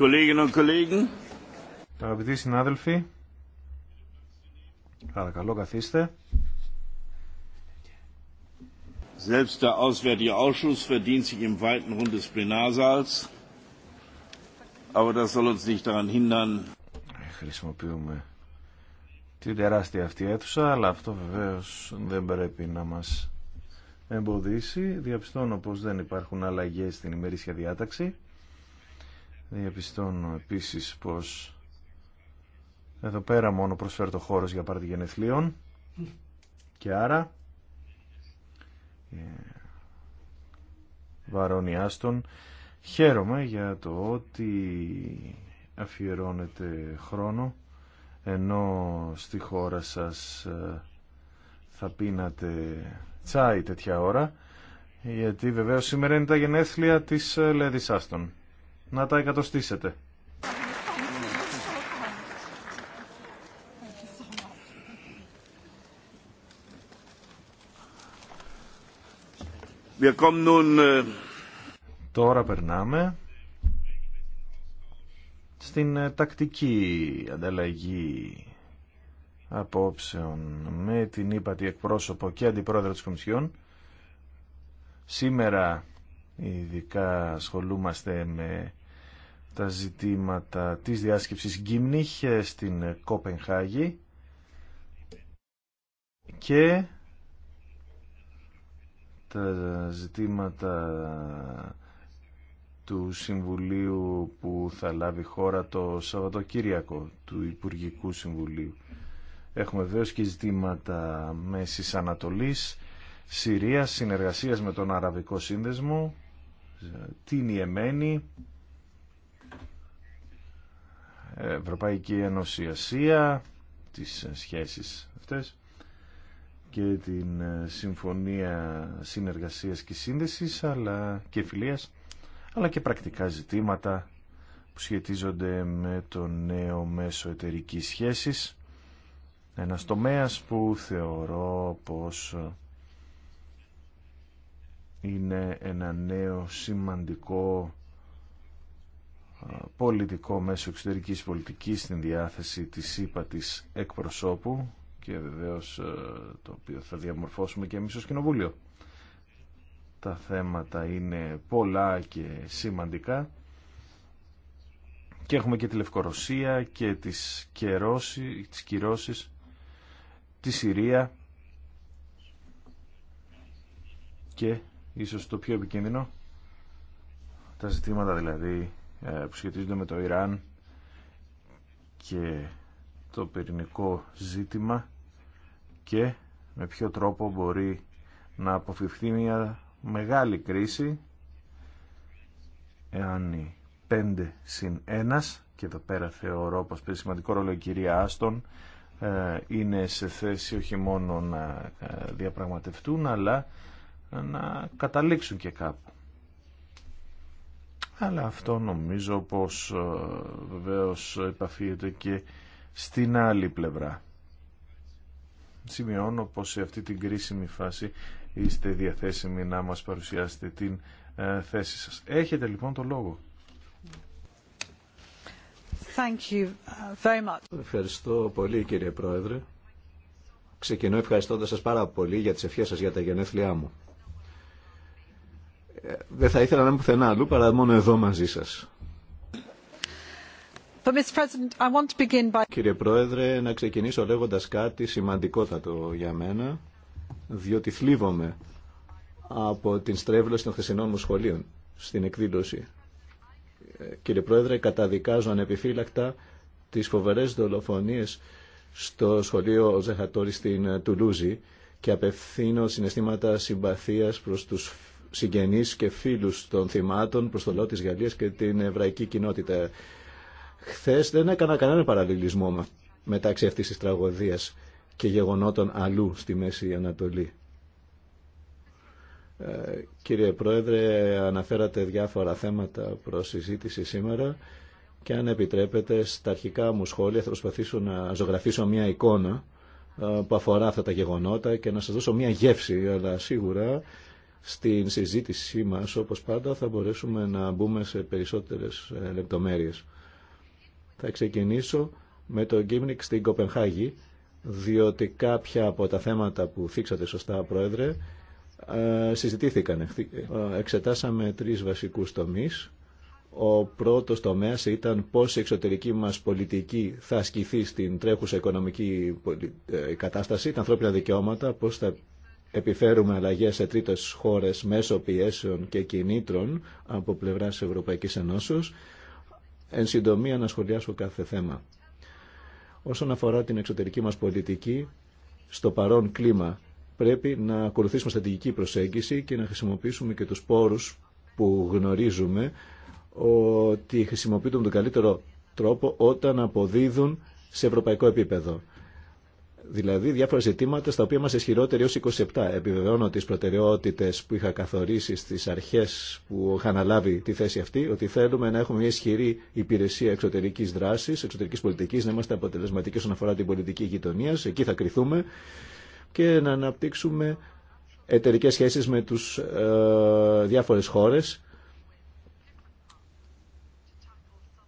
Κολλήγινο, κολλήγιν. Τα Αγαπητοί συνάδελφοι, παρακαλώ καθίστε. Selbst der Auswärtige Ausschuss verdient sich im weiten Rund des Plenarsaals, aber das soll uns nicht daran hindern. Χρησιμοποιούμε την τεράστια αυτή αίθουσα, αλλά αυτό βεβαίω δεν πρέπει να μα εμποδίσει. Διαπιστώνω πω δεν υπάρχουν αλλαγέ στην ημερήσια διάταξη. Διαπιστώνω επίσης πως εδώ πέρα μόνο προσφέρει το χώρος για γενεθλίων και άρα ε, βαρώνει άστον. Χαίρομαι για το ότι αφιερώνεται χρόνο ενώ στη χώρα σας ε, θα πίνατε τσάι τέτοια ώρα γιατί βεβαίως σήμερα είναι τα γενέθλια της ε, Λέδης Άστον να τα εκατοστήσετε. Äh, Τώρα περνάμε στην ε, τακτική ανταλλαγή απόψεων με την ύπατη εκπρόσωπο και αντιπρόεδρο της Κομισιόν. Σήμερα ειδικά ασχολούμαστε με τα ζητήματα της διάσκεψης Γκίμνιχ στην Κόπενχάγη και τα ζητήματα του Συμβουλίου που θα λάβει χώρα το Σαββατοκύριακο του Υπουργικού Συμβουλίου. Έχουμε βέβαια και ζητήματα Μέσης Ανατολής, Συρία, συνεργασίας με τον Αραβικό Σύνδεσμο, την Ιεμένη, Ευρωπαϊκή Ένωση Ασία, τις σχέσεις αυτές και την Συμφωνία Συνεργασίας και Σύνδεσης αλλά και Φιλίας αλλά και πρακτικά ζητήματα που σχετίζονται με το νέο μέσο Εταιρική σχέσης ένα τομέα που θεωρώ πως είναι ένα νέο σημαντικό πολιτικό μέσο εξωτερικής πολιτικής στην διάθεση της ΥΠΑ της εκπροσώπου και βεβαίως ε, το οποίο θα διαμορφώσουμε και εμείς ως Κοινοβούλιο. Τα θέματα είναι πολλά και σημαντικά και έχουμε και τη Λευκορωσία και τις, κυρώσει, τις κυρώσεις, τη Συρία και ίσως το πιο επικίνδυνο τα ζητήματα δηλαδή ε, που σχετίζονται με το Ιράν και το πυρηνικό ζήτημα και με ποιο τρόπο μπορεί να αποφευχθεί μια μεγάλη κρίση εάν οι 5 συν 1 και εδώ πέρα θεωρώ πως παίζει σημαντικό ρόλο η κυρία Άστον ε, είναι σε θέση όχι μόνο να ε, διαπραγματευτούν αλλά να καταλήξουν και κάπου αλλά αυτό νομίζω πως ε, βεβαίως επαφίεται και στην άλλη πλευρά. Σημειώνω πως σε αυτή την κρίσιμη φάση είστε διαθέσιμοι να μας παρουσιάσετε την ε, θέση σας. Έχετε λοιπόν το λόγο. Thank you uh, very much. Ευχαριστώ πολύ κύριε Πρόεδρε. Ξεκινώ ευχαριστώντας σας πάρα πολύ για τις ευχές σας για τα γενέθλιά μου δεν θα ήθελα να είμαι πουθενά αλλού παρά μόνο εδώ μαζί σα. Κύριε Πρόεδρε, να ξεκινήσω λέγοντα κάτι σημαντικότατο για μένα, διότι θλίβομαι από την στρέβλωση των χθεσινών μου σχολείων στην εκδήλωση. Ε, κύριε Πρόεδρε, καταδικάζω ανεπιφύλακτα τις φοβερές δολοφονίες στο σχολείο Ζεχατόρη στην ε, Τουλούζη και απευθύνω συναισθήματα συμπαθίας προς τους συγγενείς και φίλους των θυμάτων προς το λαό της Γαλλίας και την εβραϊκή κοινότητα. Χθες δεν έκανα κανένα παραλληλισμό μεταξύ αυτής της τραγωδίας και γεγονότων αλλού στη Μέση Ανατολή. Ε, κύριε Πρόεδρε, αναφέρατε διάφορα θέματα προς συζήτηση σήμερα και αν επιτρέπετε στα αρχικά μου σχόλια θα προσπαθήσω να ζωγραφίσω μια εικόνα ε, που αφορά αυτά τα γεγονότα και να σας δώσω μια γεύση, αλλά σίγουρα στην συζήτησή μας, όπως πάντα, θα μπορέσουμε να μπούμε σε περισσότερες ε, λεπτομέρειες. Θα ξεκινήσω με το Γκίμνικ στην Κοπενχάγη, διότι κάποια από τα θέματα που θίξατε σωστά, Πρόεδρε, ε, συζητήθηκαν. Ε, εξετάσαμε τρεις βασικούς τομείς. Ο πρώτος τομέας ήταν πώς η εξωτερική μας πολιτική θα ασκηθεί στην τρέχουσα οικονομική κατάσταση, τα ανθρώπινα δικαιώματα, πώς θα επιφέρουμε αλλαγές σε τρίτες χώρες μέσω πιέσεων και κινήτρων από πλευράς Ευρωπαϊκής Ενώσεως, εν συντομία να σχολιάσω κάθε θέμα. Όσον αφορά την εξωτερική μας πολιτική, στο παρόν κλίμα πρέπει να ακολουθήσουμε στρατηγική προσέγγιση και να χρησιμοποιήσουμε και τους πόρους που γνωρίζουμε ότι χρησιμοποιούν τον καλύτερο τρόπο όταν αποδίδουν σε ευρωπαϊκό επίπεδο δηλαδή διάφορα ζητήματα στα οποία είμαστε ισχυρότεροι ως 27. Επιβεβαιώνω τις προτεραιότητες που είχα καθορίσει στις αρχές που είχα αναλάβει τη θέση αυτή, ότι θέλουμε να έχουμε μια ισχυρή υπηρεσία εξωτερικής δράσης, εξωτερικής πολιτικής, να είμαστε αποτελεσματικοί όσον αφορά την πολιτική γειτονία, εκεί θα κρυθούμε και να αναπτύξουμε εταιρικές σχέσεις με τους ε, διάφορες χώρες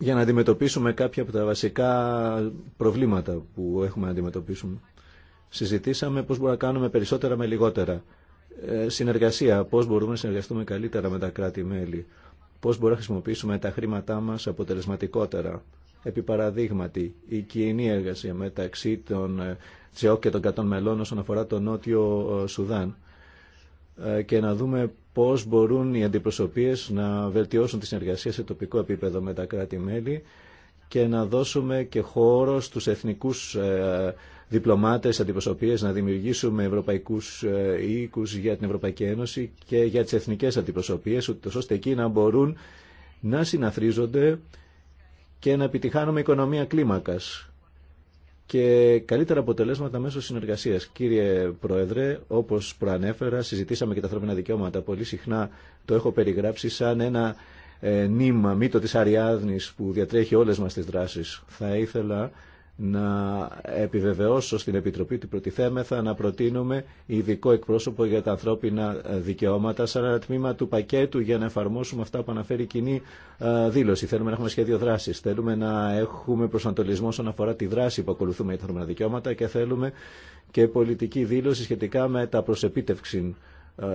για να αντιμετωπίσουμε κάποια από τα βασικά προβλήματα που έχουμε να αντιμετωπίσουμε. Συζητήσαμε πώς μπορούμε να κάνουμε περισσότερα με λιγότερα. Ε, συνεργασία, πώς μπορούμε να συνεργαστούμε καλύτερα με τα κράτη-μέλη. Πώς μπορούμε να χρησιμοποιήσουμε τα χρήματά μας αποτελεσματικότερα. Επί παραδείγματι, η κοινή εργασία μεταξύ των ε, ΤΣΕΟΚ και των κατών μελών όσον αφορά το Νότιο ε, Σουδάν και να δούμε πώς μπορούν οι αντιπροσωπείες να βελτιώσουν τη συνεργασία σε τοπικό επίπεδο με τα κράτη-μέλη και να δώσουμε και χώρο στους εθνικούς ε, διπλωμάτες αντιπροσωπείες να δημιουργήσουμε ευρωπαϊκούς ε, οίκους για την Ευρωπαϊκή Ένωση και για τις εθνικές αντιπροσωπείες ώστε εκεί να μπορούν να συναθρίζονται και να επιτυχάνουμε οικονομία κλίμακας και καλύτερα αποτελέσματα μέσω συνεργασία. Κύριε Πρόεδρε, όπω προανέφερα, συζητήσαμε και τα ανθρώπινα δικαιώματα. Πολύ συχνά το έχω περιγράψει σαν ένα ε, νήμα, μύτο τη Αριάδνη που διατρέχει όλε μα τι δράσει. Θα ήθελα να επιβεβαιώσω στην Επιτροπή του προτιθέμεθα να προτείνουμε ειδικό εκπρόσωπο για τα ανθρώπινα δικαιώματα σαν ένα τμήμα του πακέτου για να εφαρμόσουμε αυτά που αναφέρει η κοινή ε, δήλωση. Θέλουμε να έχουμε σχέδιο δράση. Θέλουμε να έχουμε προσανατολισμό όσον αφορά τη δράση που ακολουθούμε για τα ανθρώπινα δικαιώματα και θέλουμε και πολιτική δήλωση σχετικά με τα προσεπίτευξη ε,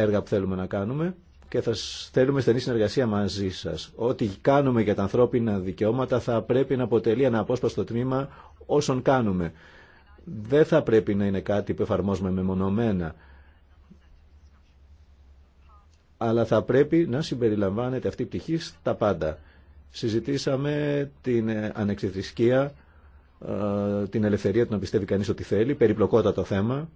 έργα που θέλουμε να κάνουμε και θα θέλουμε στενή συνεργασία μαζί σα, Ό,τι κάνουμε για τα ανθρώπινα δικαιώματα θα πρέπει να αποτελεί ένα απόσπαστο τμήμα όσων κάνουμε. Δεν θα πρέπει να είναι κάτι που εφαρμόζουμε μεμονωμένα, αλλά θα πρέπει να συμπεριλαμβάνεται αυτή η πτυχή στα πάντα. Συζητήσαμε την ε, ανεξιθρησκεία, ε, την ελευθερία του να πιστεύει κανείς ότι θέλει, περιπλοκότατο θέμα,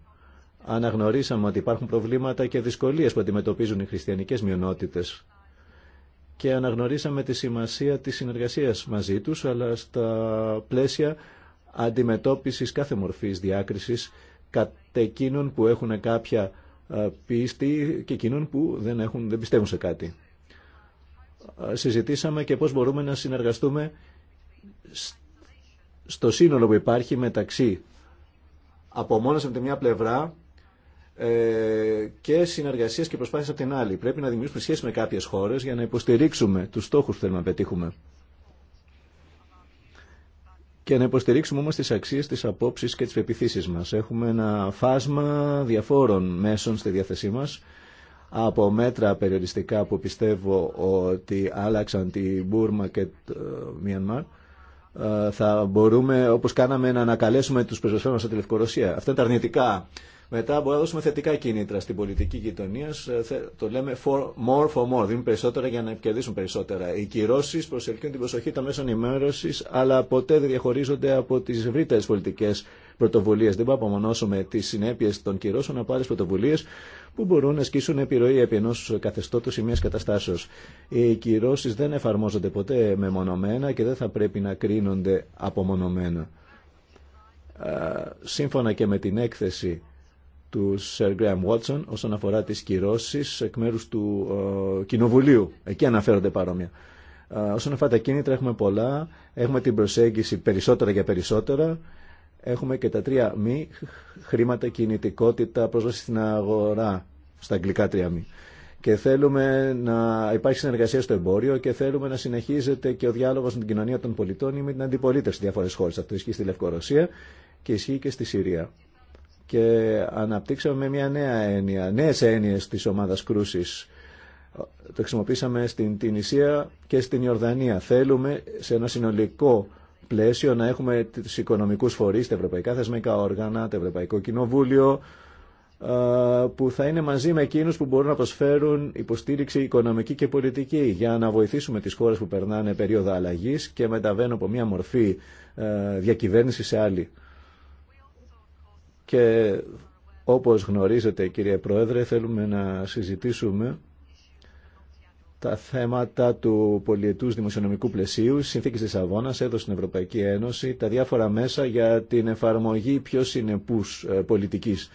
αναγνωρίσαμε ότι υπάρχουν προβλήματα και δυσκολίες που αντιμετωπίζουν οι χριστιανικές μειονότητες και αναγνωρίσαμε τη σημασία της συνεργασίας μαζί τους, αλλά στα πλαίσια αντιμετώπισης κάθε μορφής διάκρισης κατ' εκείνων που έχουν κάποια πίστη και εκείνων που δεν, έχουν, δεν πιστεύουν σε κάτι. Συζητήσαμε και πώς μπορούμε να συνεργαστούμε στο σύνολο που υπάρχει μεταξύ μόνος από τη μια πλευρά ε, και συνεργασίε και προσπάθειε από την άλλη. Πρέπει να δημιουργήσουμε σχέσει με κάποιε χώρε για να υποστηρίξουμε του στόχου που θέλουμε να πετύχουμε. Και να υποστηρίξουμε όμω τι αξίε, τι απόψει και τι πεπιθήσει μα. Έχουμε ένα φάσμα διαφόρων μέσων στη διάθεσή μα από μέτρα περιοριστικά που πιστεύω ότι άλλαξαν τη Μπούρμα και το Μιανμάρ ε, θα μπορούμε όπως κάναμε να ανακαλέσουμε τους πεζοσφαίρους από τη Λευκορωσία. Αυτά είναι τα αρνητικά μετά μπορούμε να δώσουμε θετικά κίνητρα στην πολιτική γειτονία. Ε, το λέμε for more for more. Δίνουν περισσότερα για να κερδίσουν περισσότερα. Οι κυρώσει προσελκύουν την προσοχή των μέσων ενημέρωση, αλλά ποτέ δεν διαχωρίζονται από τι ευρύτερε πολιτικέ πρωτοβουλίε. Δεν μπορούμε να απομονώσουμε τι συνέπειε των κυρώσεων από άλλε πρωτοβουλίε που μπορούν να ασκήσουν επιρροή επί ενό καθεστώτο ή μια καταστάσεω. Οι κυρώσει δεν εφαρμόζονται ποτέ μεμονωμένα και δεν θα πρέπει να κρίνονται απομονωμένα. Ε, σύμφωνα και με την έκθεση του Sir Graham Watson όσον αφορά τι κυρώσει εκ μέρου του ε, Κοινοβουλίου. Εκεί αναφέρονται παρόμοια. Ε, όσον αφορά τα κίνητρα έχουμε πολλά. Έχουμε την προσέγγιση περισσότερα για περισσότερα. Έχουμε και τα τρία μη, χρήματα, κινητικότητα, πρόσβαση στην αγορά, στα αγγλικά τρία μη. Και θέλουμε να υπάρχει συνεργασία στο εμπόριο και θέλουμε να συνεχίζεται και ο διάλογο με την κοινωνία των πολιτών ή με την αντιπολίτευση στι διαφορέ χώρε, Αυτό ισχύει στη Λευκορωσία και ισχύει και στη Συρία και αναπτύξαμε μια νέα έννοια, νέες έννοιες της ομάδας κρούσης. Το χρησιμοποίησαμε στην Τινησία και στην Ιορδανία. Θέλουμε σε ένα συνολικό πλαίσιο να έχουμε του οικονομικούς φορείς, τα ευρωπαϊκά θεσμικά όργανα, το Ευρωπαϊκό Κοινοβούλιο, που θα είναι μαζί με εκείνους που μπορούν να προσφέρουν υποστήριξη οικονομική και πολιτική για να βοηθήσουμε τις χώρες που περνάνε περίοδο αλλαγής και μεταβαίνουν από μια μορφή διακυβέρνηση σε άλλη. Και όπως γνωρίζετε κύριε Πρόεδρε θέλουμε να συζητήσουμε τα θέματα του πολιετούς δημοσιονομικού πλαισίου, Συνθήκη της Αβώνας, έδωσε στην Ευρωπαϊκή Ένωση, τα διάφορα μέσα για την εφαρμογή πιο συνεπούς ε, πολιτικής.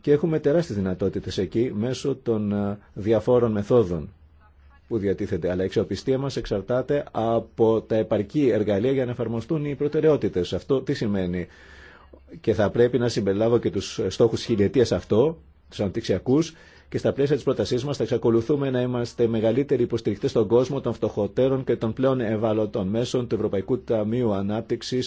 Και έχουμε τεράστιες δυνατότητες εκεί μέσω των ε, διαφόρων μεθόδων που διατίθεται. Αλλά η αξιοπιστία μας εξαρτάται από τα επαρκή εργαλεία για να εφαρμοστούν οι προτεραιότητες. Αυτό τι σημαίνει και θα πρέπει να συμπεριλάβω και τους στόχους χιλιετίας αυτό, τους αναπτυξιακούς, και στα πλαίσια τη πρότασή μα θα εξακολουθούμε να είμαστε μεγαλύτεροι υποστηρικτέ στον κόσμο των φτωχότερων και των πλέον ευάλωτων μέσων του Ευρωπαϊκού Ταμείου Ανάπτυξη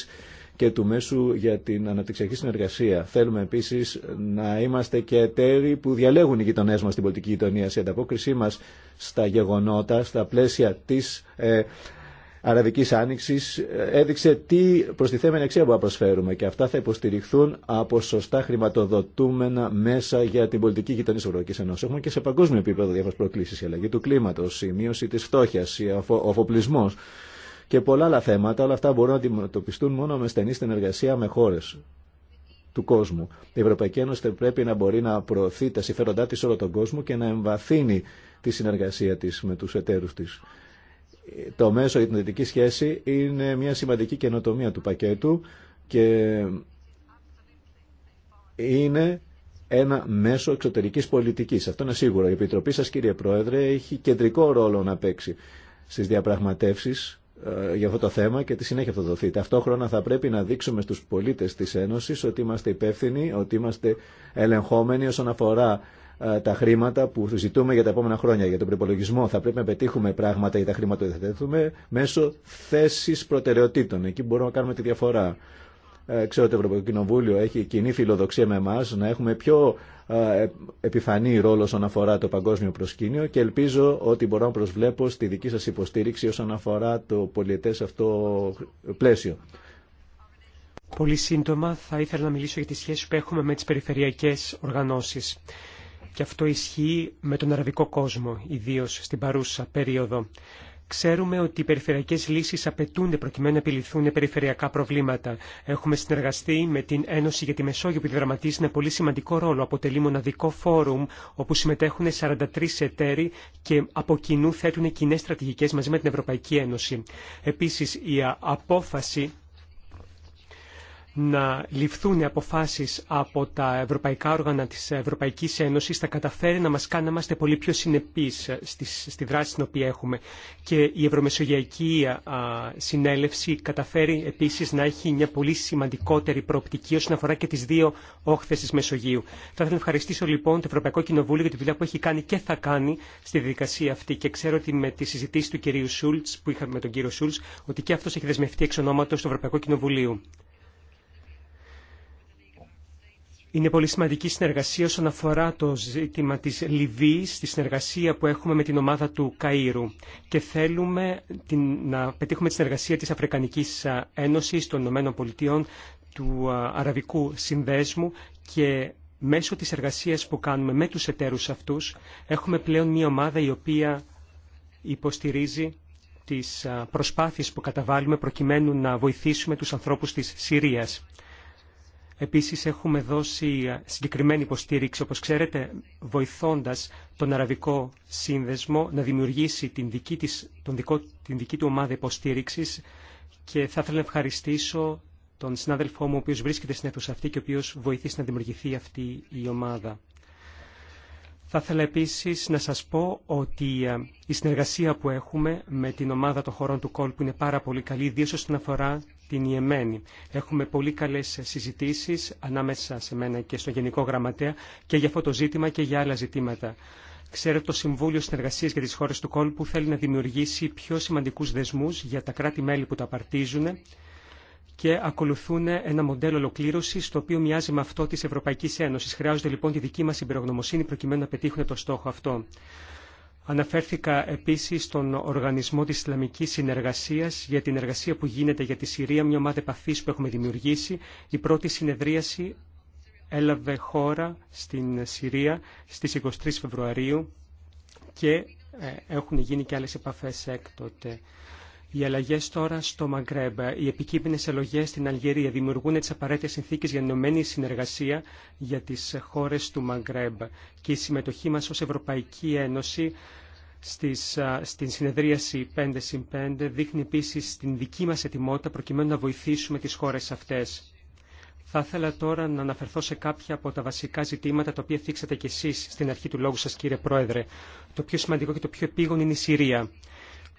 και του Μέσου για την Αναπτυξιακή Συνεργασία. Θέλουμε επίση να είμαστε και εταίροι που διαλέγουν οι γειτονέ μα στην πολιτική γειτονία. σε ανταπόκρισή μα στα γεγονότα, στα πλαίσια τη ε, Αραβική Άνοιξη ε, έδειξε τι προστιθέμενη αξία που να προσφέρουμε και αυτά θα υποστηριχθούν από σωστά χρηματοδοτούμενα μέσα για την πολιτική γειτονή της Ευρωπαϊκής Έχουμε και σε παγκόσμιο επίπεδο διάφορε προκλήσεις, η αλλαγή του κλίματο, η μείωση τη φτώχεια, ο αφοπλισμό και πολλά άλλα θέματα. Όλα αυτά μπορούν να αντιμετωπιστούν μόνο με στενή συνεργασία με χώρε του κόσμου. Η Ευρωπαϊκή Ένωση πρέπει να μπορεί να προωθεί τα συμφέροντά τη όλο τον κόσμο και να εμβαθύνει τη συνεργασία τη με του εταίρου τη το μέσο για την δυτική σχέση είναι μια σημαντική καινοτομία του πακέτου και είναι ένα μέσο εξωτερικής πολιτικής. Αυτό είναι σίγουρο. Η Επιτροπή σας κύριε Πρόεδρε έχει κεντρικό ρόλο να παίξει στις διαπραγματεύσεις ε, για αυτό το θέμα και τη συνέχεια θα δοθεί. Ταυτόχρονα θα πρέπει να δείξουμε στους πολίτες της Ένωσης ότι είμαστε υπεύθυνοι, ότι είμαστε ελεγχόμενοι όσον αφορά ε, τα χρήματα που ζητούμε για τα επόμενα χρόνια. Για τον προπολογισμό θα πρέπει να πετύχουμε πράγματα για τα χρήματα που θα θέτουμε μέσω θέση προτεραιοτήτων. Εκεί μπορούμε να κάνουμε τη διαφορά. Ε, ξέρω ότι το Ευρωπαϊκό Κοινοβούλιο έχει κοινή φιλοδοξία με εμά να έχουμε πιο ε, επιφανή ρόλο όσον αφορά το παγκόσμιο προσκήνιο και ελπίζω ότι μπορώ να προσβλέπω στη δική σα υποστήριξη όσον αφορά το πολιετέ αυτό πλαίσιο. Πολύ σύντομα θα ήθελα να μιλήσω για τις σχέσεις που έχουμε με τις περιφερειακές οργανώσεις. Και αυτό ισχύει με τον αραβικό κόσμο, ιδίως στην παρούσα περίοδο. Ξέρουμε ότι οι περιφερειακές λύσεις απαιτούνται προκειμένου να επιληθούν περιφερειακά προβλήματα. Έχουμε συνεργαστεί με την Ένωση για τη Μεσόγειο που δραματίζει ένα πολύ σημαντικό ρόλο. Αποτελεί μοναδικό φόρουμ όπου συμμετέχουν 43 εταίροι και από κοινού θέτουν κοινέ στρατηγικές μαζί με την Ευρωπαϊκή Ένωση. Επίσης η απόφαση να ληφθούν αποφάσεις από τα ευρωπαϊκά όργανα της Ευρωπαϊκής Ένωσης θα καταφέρει να μας κάνει να είμαστε πολύ πιο συνεπείς ε, στη δράση την οποία έχουμε. Και η Ευρωμεσογειακή ε, Συνέλευση καταφέρει επίσης να έχει μια πολύ σημαντικότερη προοπτική όσον αφορά και τις δύο όχθες της Μεσογείου. Θα ήθελα να ευχαριστήσω λοιπόν το Ευρωπαϊκό Κοινοβούλιο για τη δουλειά που έχει κάνει και θα κάνει στη διαδικασία αυτή. Και ξέρω ότι με τη συζητήση του κυρίου Σούλτ που είχαμε με τον κύριο Σούλτ ότι και αυτό έχει δεσμευτεί εξ ονόματο του Ευρωπαϊκού Κοινοβουλίου. Είναι πολύ σημαντική συνεργασία όσον αφορά το ζήτημα της Λιβύης, τη συνεργασία που έχουμε με την ομάδα του Καΐρου και θέλουμε την, να πετύχουμε τη συνεργασία της Αφρικανικής Ένωσης, των Ηνωμένων Πολιτειών, του Αραβικού Συνδέσμου και μέσω της εργασίας που κάνουμε με τους εταίρους αυτούς έχουμε πλέον μια ομάδα η οποία υποστηρίζει τις προσπάθειες που καταβάλουμε προκειμένου να βοηθήσουμε τους ανθρώπους της Συρίας. Επίσης έχουμε δώσει ε, συγκεκριμένη υποστήριξη, όπως ξέρετε, βοηθώντας τον Αραβικό Σύνδεσμο να δημιουργήσει την δική, της, τον δικό, την δική του ομάδα υποστήριξης και θα ήθελα να ευχαριστήσω τον συνάδελφό μου, ο οποίος βρίσκεται στην αίθουσα αυτή και ο οποίος βοηθήσει να δημιουργηθεί αυτή η ομάδα. Θα ήθελα επίσης να σας πω ότι ε, η συνεργασία που έχουμε με την ομάδα των χωρών του κόλπου είναι πάρα πολύ καλή, ιδίως όσον αφορά την Ιεμένη. Έχουμε πολύ καλές συζητήσεις ανάμεσα σε μένα και στον Γενικό Γραμματέα και για αυτό το ζήτημα και για άλλα ζητήματα. Ξέρετε, το Συμβούλιο Συνεργασίας για τις χώρες του κόλπου θέλει να δημιουργήσει πιο σημαντικούς δεσμούς για τα κράτη-μέλη που τα απαρτίζουν και ακολουθούν ένα μοντέλο ολοκλήρωση το οποίο μοιάζει με αυτό τη Ευρωπαϊκή Ένωση. Χρειάζονται λοιπόν τη δική μα συμπερογνωμοσύνη προκειμένου να πετύχουν το στόχο αυτό. Αναφέρθηκα επίσης στον Οργανισμό της Ισλαμικής Συνεργασίας για την εργασία που γίνεται για τη Συρία, μια ομάδα επαφή που έχουμε δημιουργήσει. Η πρώτη συνεδρίαση έλαβε χώρα στην Συρία στις 23 Φεβρουαρίου και ε, έχουν γίνει και άλλες επαφές έκτοτε. Οι αλλαγέ τώρα στο Μαγκρέμπ, οι επικείμενε αλλαγέ στην Αλγερία δημιουργούν τι απαραίτητε συνθήκε για ενωμένη συνεργασία για τι χώρε του Μαγκρέμπ και η συμμετοχή μα ω Ευρωπαϊκή Ένωση στις, στην συνεδρίαση 5 συν 5 δείχνει επίση την δική μα ετοιμότητα προκειμένου να βοηθήσουμε τι χώρε αυτέ. Θα ήθελα τώρα να αναφερθώ σε κάποια από τα βασικά ζητήματα τα οποία θίξατε κι εσεί στην αρχή του λόγου σα, κύριε Πρόεδρε. Το πιο σημαντικό και το πιο επίγον είναι η Συρία.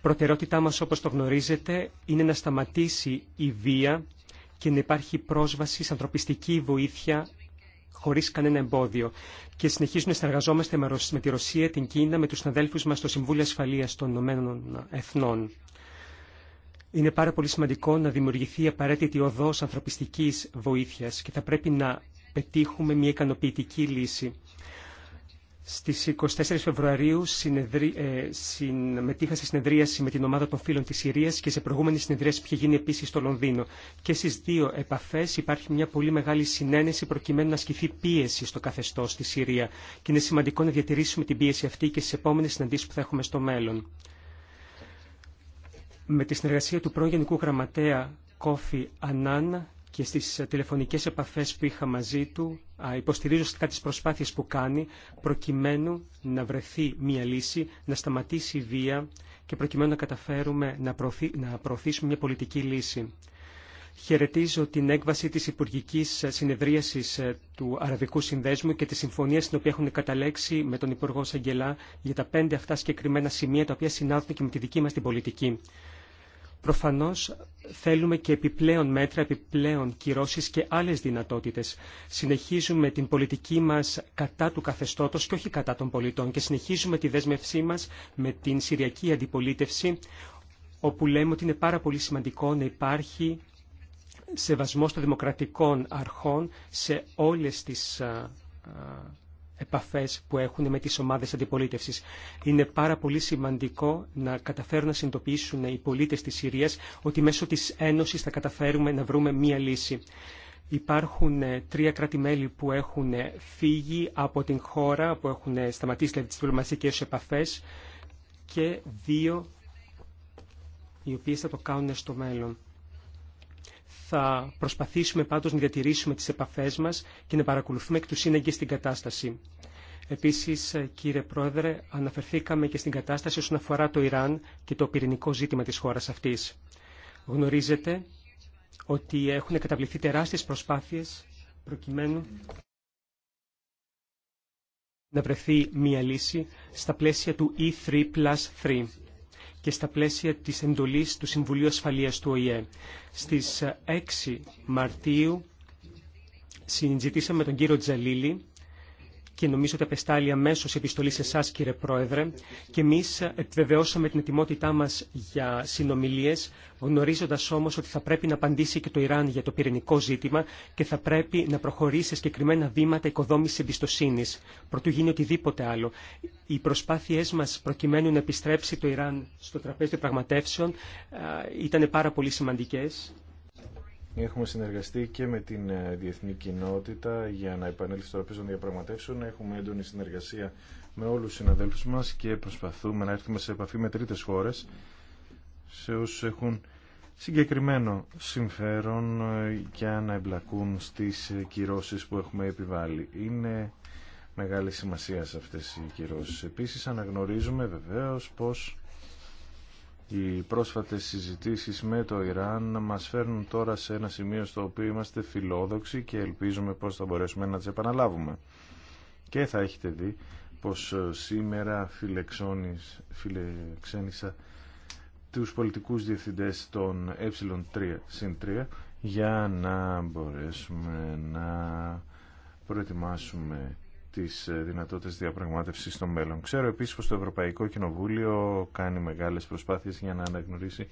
Προτεραιότητά μας, όπως το γνωρίζετε, είναι να σταματήσει η βία και να υπάρχει πρόσβαση σε ανθρωπιστική βοήθεια χωρίς κανένα εμπόδιο. Και συνεχίζουμε να συνεργαζόμαστε με τη Ρωσία, την Κίνα, με τους αδέλφους μας στο Συμβούλιο Ασφαλεία των Ηνωμένων Εθνών. Είναι πάρα πολύ σημαντικό να δημιουργηθεί η απαραίτητη οδός ανθρωπιστική βοήθεια και θα πρέπει να πετύχουμε μια ικανοποιητική λύση. Στις 24 Φεβρουαρίου συνεδρι... Ε, συν... μετήχα σε συνεδρίαση με την ομάδα των φίλων της Συρίας και σε προηγούμενη συνεδρίαση που είχε γίνει επίσης στο Λονδίνο. Και στις δύο επαφές υπάρχει μια πολύ μεγάλη συνένεση προκειμένου να ασκηθεί πίεση στο καθεστώς στη Συρία. Και είναι σημαντικό να διατηρήσουμε την πίεση αυτή και στις επόμενες συναντήσεις που θα έχουμε στο μέλλον. Με τη συνεργασία του πρώην Γενικού Γραμματέα Κόφι Ανάν και στις ε, τηλεφωνικές επαφές που είχα μαζί του, υποστηρίζω στικά τις προσπάθειες που κάνει, προκειμένου να βρεθεί μια λύση, να σταματήσει η βία και προκειμένου να καταφέρουμε να, προωθή, να προωθήσουμε μια πολιτική λύση. Χαιρετίζω την έκβαση της Υπουργική ε, Συνεδρίασης ε, του Αραβικού Συνδέσμου και τη συμφωνία στην οποία έχουν καταλέξει με τον Υπουργό Σαγγελά για τα πέντε αυτά συγκεκριμένα σημεία τα οποία συνάδουν και με τη δική μας την πολιτική. Προφανώς θέλουμε και επιπλέον μέτρα, επιπλέον κυρώσεις και άλλες δυνατότητες. Συνεχίζουμε την πολιτική μας κατά του καθεστώτος και όχι κατά των πολιτών και συνεχίζουμε τη δέσμευσή μας με την Συριακή Αντιπολίτευση όπου λέμε ότι είναι πάρα πολύ σημαντικό να υπάρχει σεβασμός των δημοκρατικών αρχών σε όλες τις επαφές που έχουν με τις ομάδες αντιπολίτευσης. Είναι πάρα πολύ σημαντικό να καταφέρουν να συνειδητοποιήσουν οι πολίτες της Συρίας ότι μέσω της Ένωσης θα καταφέρουμε να βρούμε μία λύση. Υπάρχουν ε, τρία κράτη-μέλη που έχουν ε, φύγει από την χώρα, που έχουν ε, σταματήσει δηλαδή, τις διπλωματικές επαφές και δύο οι οποίες θα το κάνουν στο μέλλον. Θα προσπαθήσουμε πάντως να διατηρήσουμε τις επαφές μας και να παρακολουθούμε εκ του σύνεγγυς στην κατάσταση. Επίσης, κύριε Πρόεδρε, αναφερθήκαμε και στην κατάσταση όσον αφορά το Ιράν και το πυρηνικό ζήτημα της χώρας αυτής. Γνωρίζετε ότι έχουν καταβληθεί τεράστιες προσπάθειες προκειμένου να βρεθεί μία λύση στα πλαίσια του E3 plus 3 και στα πλαίσια της εντολής του Συμβουλίου Ασφαλείας του ΟΗΕ. Στις 6 ε, Μαρτίου συζητήσαμε τον κύριο Τζαλίλη και νομίζω ότι απεστάλλει αμέσω η επιστολή σε εσά, κύριε Πρόεδρε, και εμεί επιβεβαιώσαμε την ετοιμότητά μα για συνομιλίε, γνωρίζοντα όμω ότι θα πρέπει να απαντήσει και το Ιράν για το πυρηνικό ζήτημα και θα πρέπει να προχωρήσει σε συγκεκριμένα βήματα οικοδόμηση εμπιστοσύνη, προτού γίνει οτιδήποτε άλλο. Οι προσπάθειέ μα προκειμένου να επιστρέψει το Ιράν στο τραπέζι των πραγματεύσεων ε, ήταν πάρα πολύ σημαντικέ Έχουμε συνεργαστεί και με την ε, διεθνή κοινότητα για να επανέλθει στο τραπέζι των διαπραγματεύσεων. Έχουμε έντονη συνεργασία με όλους του συναδέλφου μας και προσπαθούμε να έρθουμε σε επαφή με τρίτες χώρε σε όσους έχουν συγκεκριμένο συμφέρον ε, για να εμπλακούν στις ε, κυρώσεις που έχουμε επιβάλει. Είναι μεγάλη σημασία σε αυτές οι κυρώσεις. Επίσης αναγνωρίζουμε βεβαίως πως οι πρόσφατες συζητήσεις με το Ιράν μας φέρνουν τώρα σε ένα σημείο στο οποίο είμαστε φιλόδοξοι και ελπίζουμε πως θα μπορέσουμε να τις επαναλάβουμε. Και θα έχετε δει πως ε, σήμερα φιλεξένησα τους πολιτικούς διευθυντές των ε3 συν 3 για να μπορέσουμε να προετοιμάσουμε τις ε, δυνατότητες διαπραγμάτευσης στο μέλλον. Ξέρω επίσης πως το Ευρωπαϊκό Κοινοβούλιο κάνει μεγάλες προσπάθειες για να αναγνωρίσει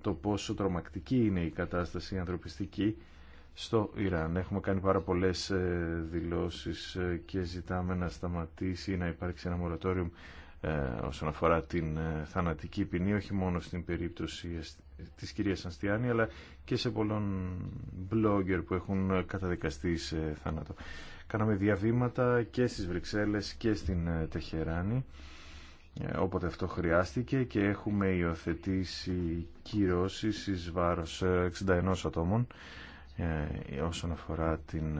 το πόσο τρομακτική είναι η κατάσταση ανθρωπιστική στο Ιράν. Έχουμε κάνει πάρα πολλές ε, δηλώσεις ε, και ζητάμε να σταματήσει η να υπάρξει ένα μορατόριο όσον αφορά την θανατική ποινή, όχι μόνο στην περίπτωση της κυρίας Ανστιάνη, αλλά και σε πολλών blogger που έχουν καταδικαστεί σε θάνατο. Κάναμε διαβήματα και στις Βρυξέλλες και στην ε, Τεχεράνη ε, όποτε αυτό χρειάστηκε και έχουμε υιοθετήσει κυρώσεις εις βάρος 61 ε, ατόμων όσον αφορά την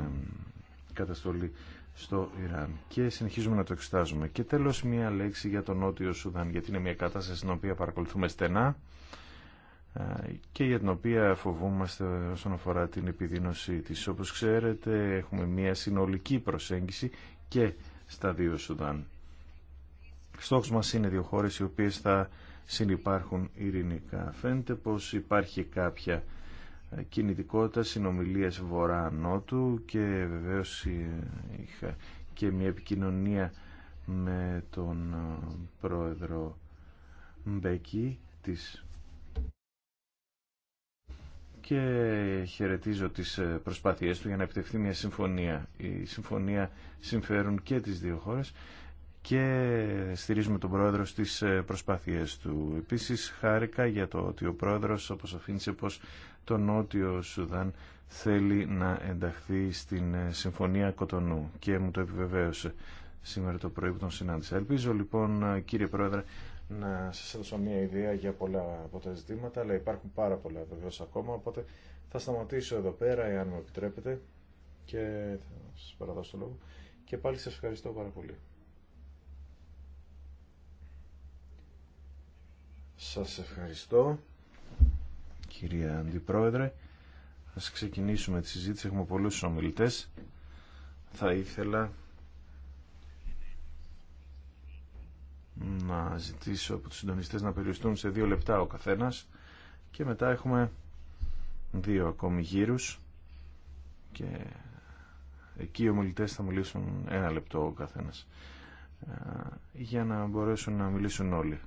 καταστολή στο Ιράν και συνεχίζουμε να το εξετάζουμε. Και τέλος μία λέξη για τον Νότιο Σουδάν γιατί είναι μια κατάσταση στην οποία παρακολουθούμε στενά και για την οποία φοβούμαστε όσον αφορά την επιδείνωσή της. Όπως ξέρετε έχουμε μια συνολική προσέγγιση και στα δύο Σουδάν. Στόχος μας είναι δύο χώρες οι οποίες θα συνεπάρχουν ειρηνικά. Φαίνεται πως υπάρχει κάποια ε, κινητικότητα συνομιλίες βορρά-νότου και βεβαίως ε, είχα και μια επικοινωνία με τον ε, πρόεδρο Μπέκη της και χαιρετίζω τις ε, προσπάθειές του για να επιτευχθεί μια συμφωνία. Η συμφωνία συμφέρουν και τις δύο χώρες και στηρίζουμε τον πρόεδρο στις ε, προσπάθειές του. Επίσης χάρηκα για το ότι ο πρόεδρος όπως αφήνισε πως το Νότιο Σουδάν θέλει να ενταχθεί στην ε, Συμφωνία Κοτονού και μου το επιβεβαίωσε σήμερα το πρωί που τον συνάντησα. Ελπίζω λοιπόν κύριε πρόεδρε να σα έδωσα μια ιδέα για πολλά από τα ζητήματα, αλλά υπάρχουν πάρα πολλά βεβαίω ακόμα, οπότε θα σταματήσω εδώ πέρα, εάν μου επιτρέπετε, και θα σας παραδώσω το λόγο. Και πάλι σας ευχαριστώ πάρα πολύ. Σας ευχαριστώ, κυρία Αντιπρόεδρε. Ας ξεκινήσουμε τη συζήτηση, έχουμε πολλούς ομιλητές. Θα ήθελα να ζητήσω από τους συντονιστές να περιοριστούν σε δύο λεπτά ο καθένας και μετά έχουμε δύο ακόμη γύρους και εκεί οι ομιλητές θα μιλήσουν ένα λεπτό ο καθένας ε, για να μπορέσουν να μιλήσουν όλοι.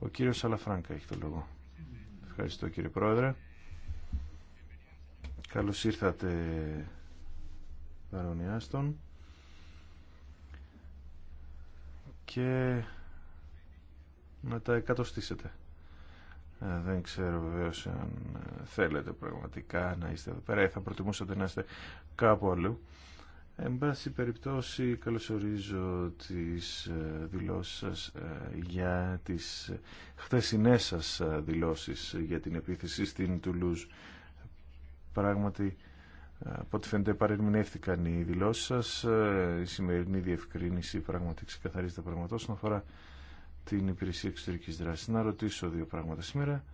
Ο κύριος Αλαφράνκα έχει το λόγο. Ευχαριστώ κύριε Πρόεδρε. Καλώς ήρθατε παρονιάστον. και να τα εκατοστήσετε. Ε, δεν ξέρω βεβαίω αν θέλετε πραγματικά να είστε εδώ πέρα. Θα προτιμούσατε να είστε κάπου αλλού. Εν πάση περιπτώσει καλωσορίζω τις ε, δηλώσεις σας ε, για τις χθεσινές σας δηλώσεις για την επίθεση στην Τουλούζ. Πράγματι από ό,τι φαίνεται παρερμηνεύτηκαν οι δηλώσει σας. Ε, η σημερινή διευκρίνηση πράγματι ξεκαθαρίζεται πραγματός όσον αφορά την υπηρεσία εξωτερικής δράσης. Να ρωτήσω δύο πράγματα σήμερα.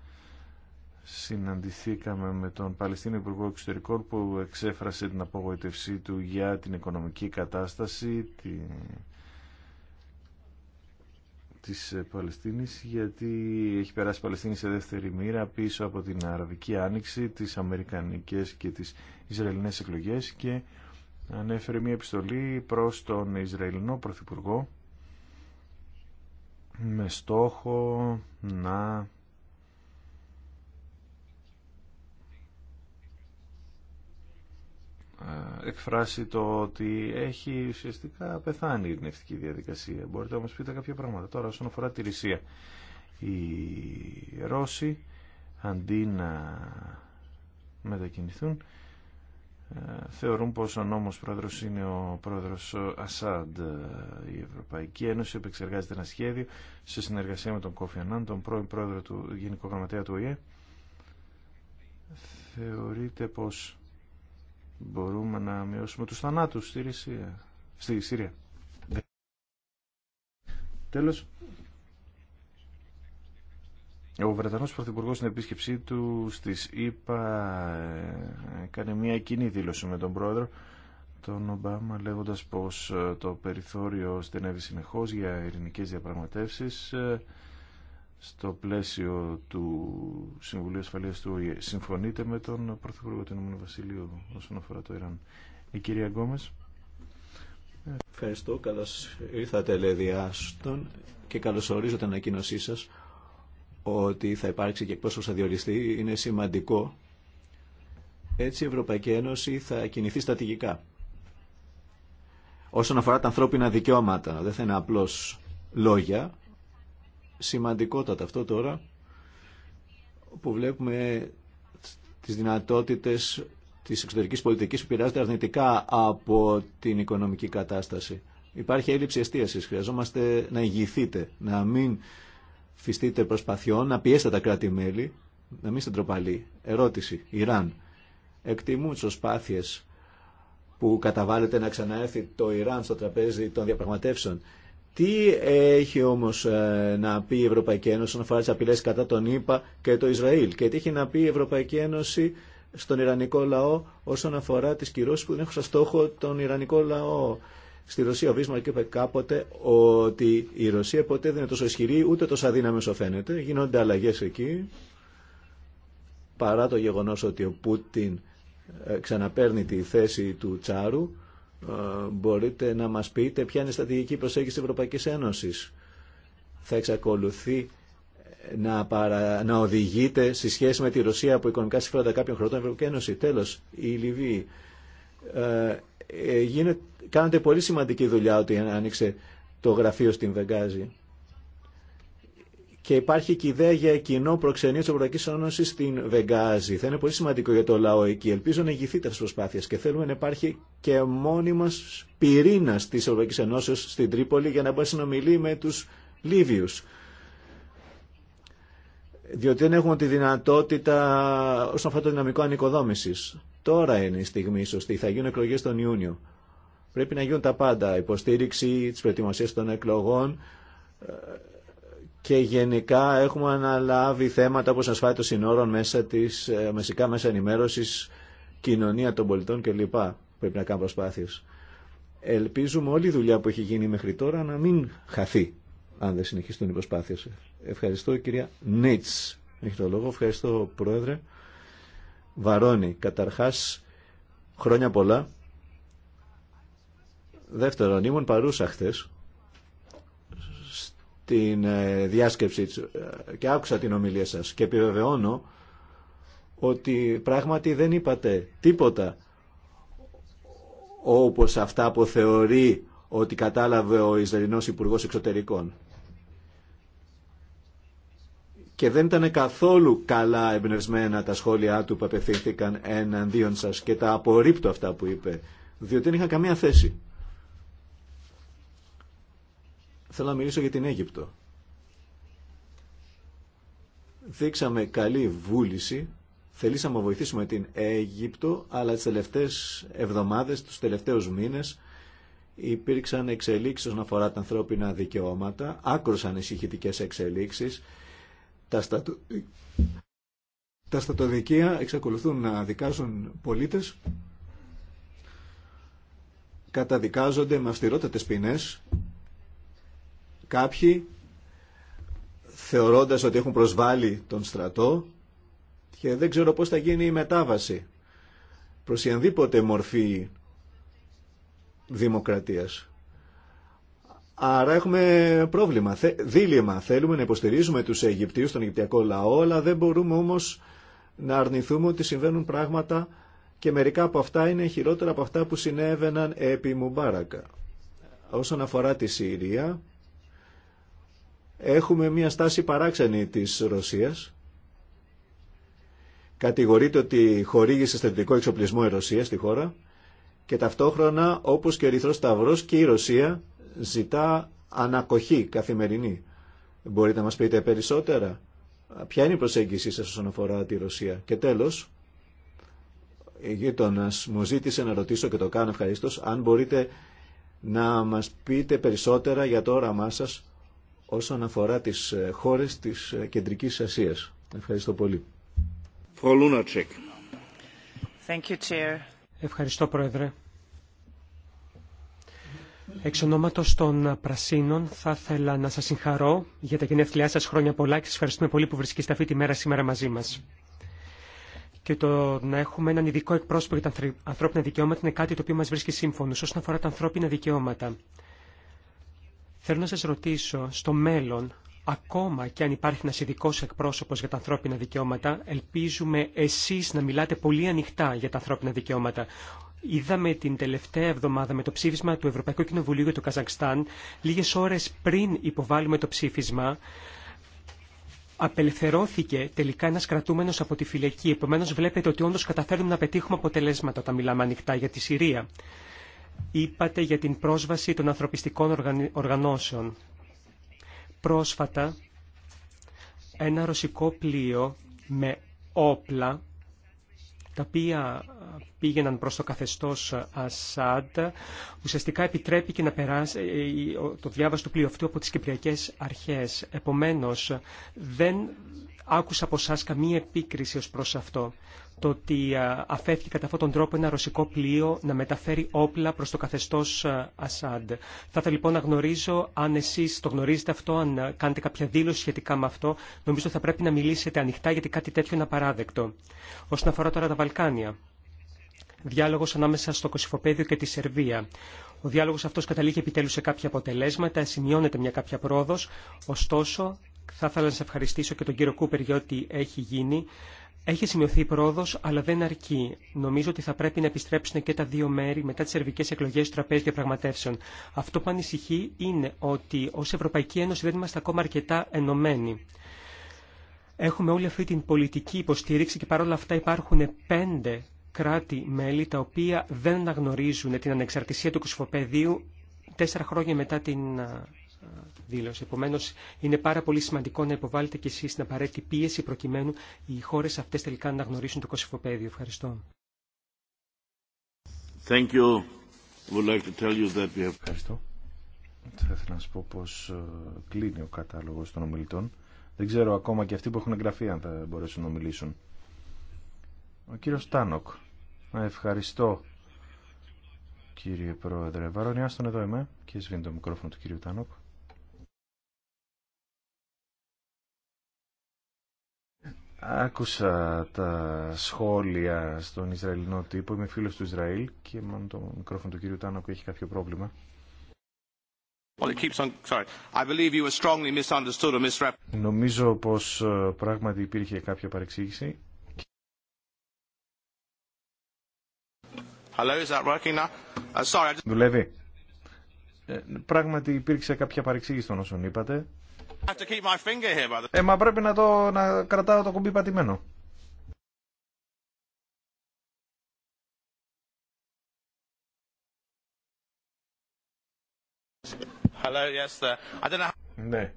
Συναντηθήκαμε με τον Παλαιστίνο Υπουργό Εξωτερικών που εξέφρασε την απογοητευσή του για την οικονομική κατάσταση τη... της Παλαιστίνης γιατί έχει περάσει η Παλαιστίνη σε δεύτερη μοίρα πίσω από την Αραβική Άνοιξη, τις Αμερικανικές και τις Ισραηλινές εκλογές και ανέφερε μια επιστολή προς τον Ισραηλινό Πρωθυπουργό με στόχο να εκφράσει το ότι έχει ουσιαστικά πεθάνει η ειρηνευτική διαδικασία. Μπορείτε να μας πείτε κάποια πράγματα. Τώρα όσον αφορά τη Ρησία. Οι Ρώσοι αντί να μετακινηθούν ε, θεωρούν πως ο νόμος πρόεδρος είναι ο πρόεδρος Ασάντ. Η Ευρωπαϊκή Ένωση επεξεργάζεται ένα σχέδιο σε συνεργασία με τον Κόφι Ανάν, τον πρώην πρόεδρο του Γενικού Γραμματέα του ΟΗΕ. Θεωρείται πως μπορούμε να μειώσουμε τους θανάτους στη, στη Συρία. Τέλος, ο Βρετανό Πρωθυπουργό στην επίσκεψή του στις ΗΠΑ ε, έκανε μια κοινή δήλωση με τον πρόεδρο τον Ομπάμα λέγοντας πως ε, το περιθώριο στενεύει συνεχώ για ειρηνικές διαπραγματεύσεις ε, στο πλαίσιο του Συμβουλίου Ασφαλείας του ΟΗΕ. Συμφωνείτε με τον Πρωθυπουργό του Ηνωμένου Βασιλείου όσον αφορά το Ιράν. Η κυρία Γκόμες. Ευχαριστώ. Καλώς ήρθατε, Λέδη Άστον, και καλωσορίζω την ανακοίνωσή σας ότι θα υπάρξει και εκπρόσωπος θα διοριστεί είναι σημαντικό. Έτσι η Ευρωπαϊκή Ένωση θα κινηθεί στατηγικά. Όσον αφορά τα ανθρώπινα δικαιώματα, δεν θα είναι απλώς λόγια. Σημαντικότατα αυτό τώρα που βλέπουμε τις δυνατότητες της εξωτερικής πολιτικής που πειράζεται αρνητικά από την οικονομική κατάσταση. Υπάρχει έλλειψη εστίασης. Χρειαζόμαστε να ηγηθείτε, να μην φυστείτε προσπαθειών να πιέσετε τα κράτη-μέλη να μην είστε ντροπαλοί. Ερώτηση. Ιράν. Εκτιμούν τι προσπάθειε που καταβάλλεται να ξαναέρθει το Ιράν στο τραπέζι των διαπραγματεύσεων. Τι έχει όμω ε, να πει η Ευρωπαϊκή Ένωση όσον αφορά τι απειλέ κατά τον ΗΠΑ και το Ισραήλ και τι έχει να πει η Ευρωπαϊκή Ένωση στον Ιρανικό λαό όσον αφορά τι κυρώσει που δεν έχουν σαν στόχο τον Ιρανικό λαό Στη Ρωσία ο Βίσμαρκ είπε κάποτε ότι η Ρωσία ποτέ δεν είναι τόσο ισχυρή ούτε τόσο αδύναμη όσο φαίνεται. Γίνονται αλλαγέ εκεί παρά το γεγονός ότι ο Πούτιν ε, ξαναπαίρνει τη θέση του Τσάρου, ε, μπορείτε να μας πείτε ποια είναι η στρατηγική προσέγγιση της Ευρωπαϊκής Ένωσης. Θα εξακολουθεί ε, να, παρα... να οδηγείται στη σχέση με τη Ρωσία από οικονομικά συμφέροντα κάποιων χωρών Ευρωπαϊκή Ένωση. Τέλο, η Λιβύη. Ε, γίνεται, κάνετε πολύ σημαντική δουλειά ότι άνοιξε το γραφείο στην Βεγγάζη. Και υπάρχει και ιδέα για κοινό προξενείο τη Ευρωπαϊκή Ένωση στην Βεγγάζη. Θα είναι πολύ σημαντικό για το λαό εκεί. Ελπίζω να ηγηθείτε αυτέ τι προσπάθειε και θέλουμε να υπάρχει και μόνιμο πυρήνα τη Ευρωπαϊκή Ενώση στην Τρίπολη για να μπορέσει να μιλεί με του Λίβιου διότι δεν έχουμε τη δυνατότητα όσον αφορά το δυναμικό ανοικοδόμηση. Τώρα είναι η στιγμή σωστή. Θα γίνουν εκλογέ τον Ιούνιο. Πρέπει να γίνουν τα πάντα. Υποστήριξη τη προετοιμασία των εκλογών ε, και γενικά έχουμε αναλάβει θέματα όπως ασφάλεια των συνόρων μέσα της, ε, μεσικά μέσα ενημέρωσης, κοινωνία των πολιτών κλπ. Πρέπει να κάνουμε προσπάθειες. Ελπίζουμε όλη η δουλειά που έχει γίνει μέχρι τώρα να μην χαθεί αν δεν συνεχίσουν οι προσπάθειες. Ευχαριστώ κυρία Νίτ. Έχει το λόγο. Ευχαριστώ πρόεδρε. Βαρώνει. Καταρχάς χρόνια πολλά. Δεύτερον, ήμουν παρούσα χθε στην ε, διάσκεψη ε, και άκουσα την ομιλία σας και επιβεβαιώνω ότι πράγματι δεν είπατε τίποτα όπως αυτά που θεωρεί ότι κατάλαβε ο Ισραηλινός Υπουργός Εξωτερικών και δεν ήταν καθόλου καλά εμπνευσμένα τα σχόλιά του που απευθύνθηκαν εναντίον σας και τα απορρίπτω αυτά που είπε, διότι δεν είχαν καμία θέση. Θέλω να μιλήσω για την Αίγυπτο. Δείξαμε καλή βούληση, θελήσαμε να βοηθήσουμε την Αίγυπτο, αλλά τις τελευταίες εβδομάδες, τους τελευταίους μήνες, υπήρξαν εξελίξεις όσον αφορά τα ανθρώπινα δικαιώματα, άκρως ησυχητικές εξελίξεις, τα, στατοδικεία εξακολουθούν να δικάζουν πολίτες, καταδικάζονται με αυστηρότατες ποινές, κάποιοι θεωρώντας ότι έχουν προσβάλει τον στρατό και δεν ξέρω πώς θα γίνει η μετάβαση προς η μορφή δημοκρατίας. Άρα έχουμε πρόβλημα, δίλημα. Θέλουμε να υποστηρίζουμε τους Αιγυπτίους, τον Αιγυπτιακό λαό, αλλά δεν μπορούμε όμως να αρνηθούμε ότι συμβαίνουν πράγματα και μερικά από αυτά είναι χειρότερα από αυτά που συνέβαιναν επί Μουμπάρακα. Όσον αφορά τη Συρία, έχουμε μια στάση παράξενη της Ρωσίας. Κατηγορείται ότι χορήγησε στρατιωτικό εξοπλισμό η Ρωσία στη χώρα και ταυτόχρονα όπως και ο Ερυθρός Σταυρός και η Ρωσία ζητά ανακοχή καθημερινή. Μπορείτε να μας πείτε περισσότερα. Ποια είναι η προσέγγιση σας όσον αφορά τη Ρωσία. Και τέλος, η γείτονα μου ζήτησε να ρωτήσω και το κάνω ευχαρίστω αν μπορείτε να μας πείτε περισσότερα για το όραμά σας όσον αφορά τις χώρες της Κεντρικής Ασίας. Ευχαριστώ πολύ. Ευχαριστώ, Πρόεδρε. Εξ ονόματος των Πρασίνων θα ήθελα να σας συγχαρώ για τα γενέθλιά σας χρόνια πολλά και σας ευχαριστούμε πολύ που βρισκείστε αυτή τη μέρα σήμερα μαζί μας. Και το να έχουμε έναν ειδικό εκπρόσωπο για τα ανθρώπινα δικαιώματα είναι κάτι το οποίο μας βρίσκει σύμφωνο. όσον αφορά τα ανθρώπινα δικαιώματα. Θέλω να σας ρωτήσω, στο μέλλον, ακόμα και αν υπάρχει ένας ειδικό εκπρόσωπος για τα ανθρώπινα δικαιώματα, ελπίζουμε εσείς να μιλάτε πολύ ανοιχτά για τα ανθρώπινα δικαιώματα. Είδαμε την τελευταία εβδομάδα με το ψήφισμα του Ευρωπαϊκού Κοινοβουλίου για το Καζακστάν, λίγες ώρες πριν υποβάλουμε το ψήφισμα, απελευθερώθηκε τελικά ένας κρατούμενος από τη φυλακή. Επομένως βλέπετε ότι όντως καταφέρνουμε να πετύχουμε αποτελέσματα όταν μιλάμε ανοιχτά για τη Συρία. Είπατε για την πρόσβαση των ανθρωπιστικών οργανώσεων. Πρόσφατα, ένα ρωσικό πλοίο με όπλα, τα οποία πήγαιναν προς το καθεστώς Ασάντ, ουσιαστικά επιτρέπει και να περάσει ε, το διάβαστο πλοίο αυτού από τις κυπριακές αρχές. Επομένως, δεν άκουσα από εσά καμία επίκριση ως προς αυτό. Το ότι αφέθηκε κατά αυτόν τον τρόπο ένα ρωσικό πλοίο να μεταφέρει όπλα προς το καθεστώς Ασάντ. Θα ήθελα λοιπόν να γνωρίζω αν εσείς το γνωρίζετε αυτό, αν κάνετε κάποια δήλωση σχετικά με αυτό. Νομίζω θα πρέπει να μιλήσετε ανοιχτά γιατί κάτι τέτοιο είναι απαράδεκτο. Όσον αφορά τώρα τα Βαλκάνια διάλογο ανάμεσα στο Κωσυφοπαίδιο και τη Σερβία. Ο διάλογο αυτό καταλήγει επιτέλου σε κάποια αποτελέσματα, σημειώνεται μια κάποια πρόοδο. Ωστόσο, θα ήθελα να σα ευχαριστήσω και τον κύριο Κούπερ για ό,τι έχει γίνει. Έχει σημειωθεί πρόοδο, αλλά δεν αρκεί. Νομίζω ότι θα πρέπει να επιστρέψουν και τα δύο μέρη μετά τι σερβικέ εκλογέ του τραπέζι διαπραγματεύσεων. Αυτό που ανησυχεί είναι ότι ω Ευρωπαϊκή Ένωση δεν είμαστε ακόμα αρκετά ενωμένοι. Έχουμε όλη αυτή την πολιτική υποστήριξη και παρόλα αυτά υπάρχουν πέντε κράτη-μέλη τα οποία δεν αναγνωρίζουν την ανεξαρτησία του κοσμοπεδίου τέσσερα χρόνια μετά την δήλωση. Επομένως, είναι πάρα πολύ σημαντικό να υποβάλλετε κι εσείς την απαραίτητη πίεση προκειμένου οι χώρες αυτές τελικά να αναγνωρίσουν το κοσφοπέδιο. Ευχαριστώ. Ευχαριστώ. Θα ήθελα να σα πω πω ε, κλείνει ο κατάλογο των ομιλητών. Δεν ξέρω ακόμα και αυτοί που έχουν εγγραφεί αν θα μπορέσουν να μιλήσουν. Ο κύριος Τάνοκ. Ευχαριστώ κύριε Πρόεδρε. Βαρόνι, εδώ είμαι και σβήνει το μικρόφωνο του κύριου Τάνοκ. Άκουσα τα σχόλια στον Ισραηλινό τύπο, είμαι φίλος του Ισραήλ και μόνο το μικρόφωνο του κύριου Τάνοκ έχει κάποιο πρόβλημα. Νομίζω πως ε, πράγματι υπήρχε κάποια παρεξήγηση. Hello, is that working now? Uh, sorry, I just... Δουλεύει. Ε, πράγματι υπήρξε κάποια παρεξήγηση των όσων είπατε. I have to keep my finger here, Ε, μα πρέπει να, το, να κρατάω το κουμπί πατημένο. Hello, yes, I don't know... Ναι.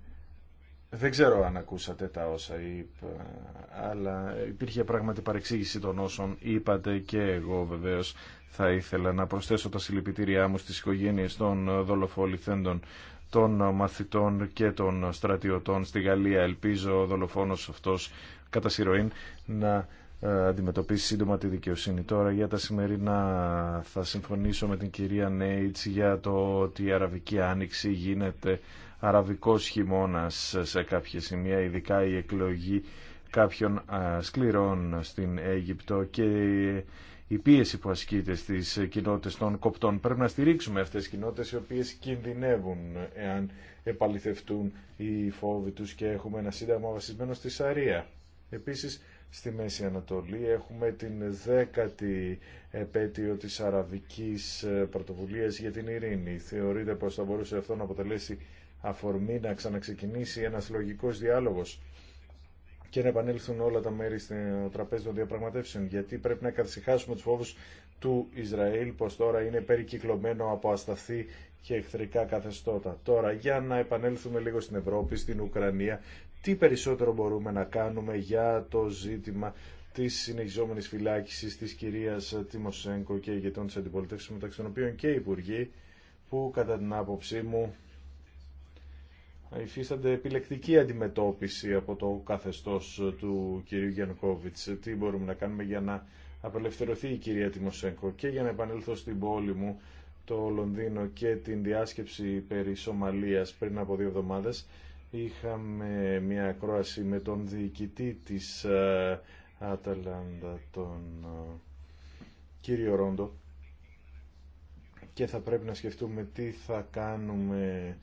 Δεν ξέρω αν ακούσατε τα όσα είπα, ε, αλλά υπήρχε πράγματι παρεξήγηση των όσων είπατε και εγώ βεβαίως θα ήθελα να προσθέσω τα συλληπιτήριά μου στις οικογένειες των δολοφοληθέντων των μαθητών και των στρατιωτών στη Γαλλία. Ελπίζω ο δολοφόνος αυτός κατά να ε, αντιμετωπίσει σύντομα τη δικαιοσύνη. Τώρα για τα σημερινά θα συμφωνήσω με την κυρία Νέιτς για το ότι η Αραβική Άνοιξη γίνεται αραβικός χειμώνας σε κάποια σημεία, ειδικά η εκλογή κάποιων σκληρών στην Αίγυπτο και η πίεση που ασκείται στις κοινότητες των κοπτών. Πρέπει να στηρίξουμε αυτές τις κοινότητες οι οποίες κινδυνεύουν εάν επαληθευτούν οι φόβοι τους και έχουμε ένα σύνταγμα βασισμένο στη Σαρία. Επίσης, στη Μέση Ανατολή έχουμε την δέκατη επέτειο της Αραβικής Πρωτοβουλίας για την Ειρήνη. Θεωρείται πως θα μπορούσε αυτό να αποτελέσει αφορμή να ξαναξεκινήσει ένας λογικός διάλογος και να επανέλθουν όλα τα μέρη στο τραπέζι των διαπραγματεύσεων. Γιατί πρέπει να καθησυχάσουμε του φόβου του Ισραήλ πω τώρα είναι περικυκλωμένο από ασταθή και εχθρικά καθεστώτα. Τώρα, για να επανέλθουμε λίγο στην Ευρώπη, στην Ουκρανία, τι περισσότερο μπορούμε να κάνουμε για το ζήτημα τη συνεχιζόμενη φυλάκιση τη κυρία Τιμοσέγκο και ηγετών τη αντιπολίτευση, μεταξύ των οποίων και οι υπουργοί που κατά την άποψή μου υφίστανται επιλεκτική αντιμετώπιση από το καθεστώς του κυρίου Γιαννουκόβιτς. Τι μπορούμε να κάνουμε για να απελευθερωθεί η κυρία Τιμοσέγκο και για να επανέλθω στην πόλη μου, το Λονδίνο και την διάσκεψη περί Σομαλίας πριν από δύο εβδομάδες είχαμε μια ακρόαση με τον διοικητή της ε, Αταλάντα, τον ε, κύριο Ρόντο και θα πρέπει να σκεφτούμε τι θα κάνουμε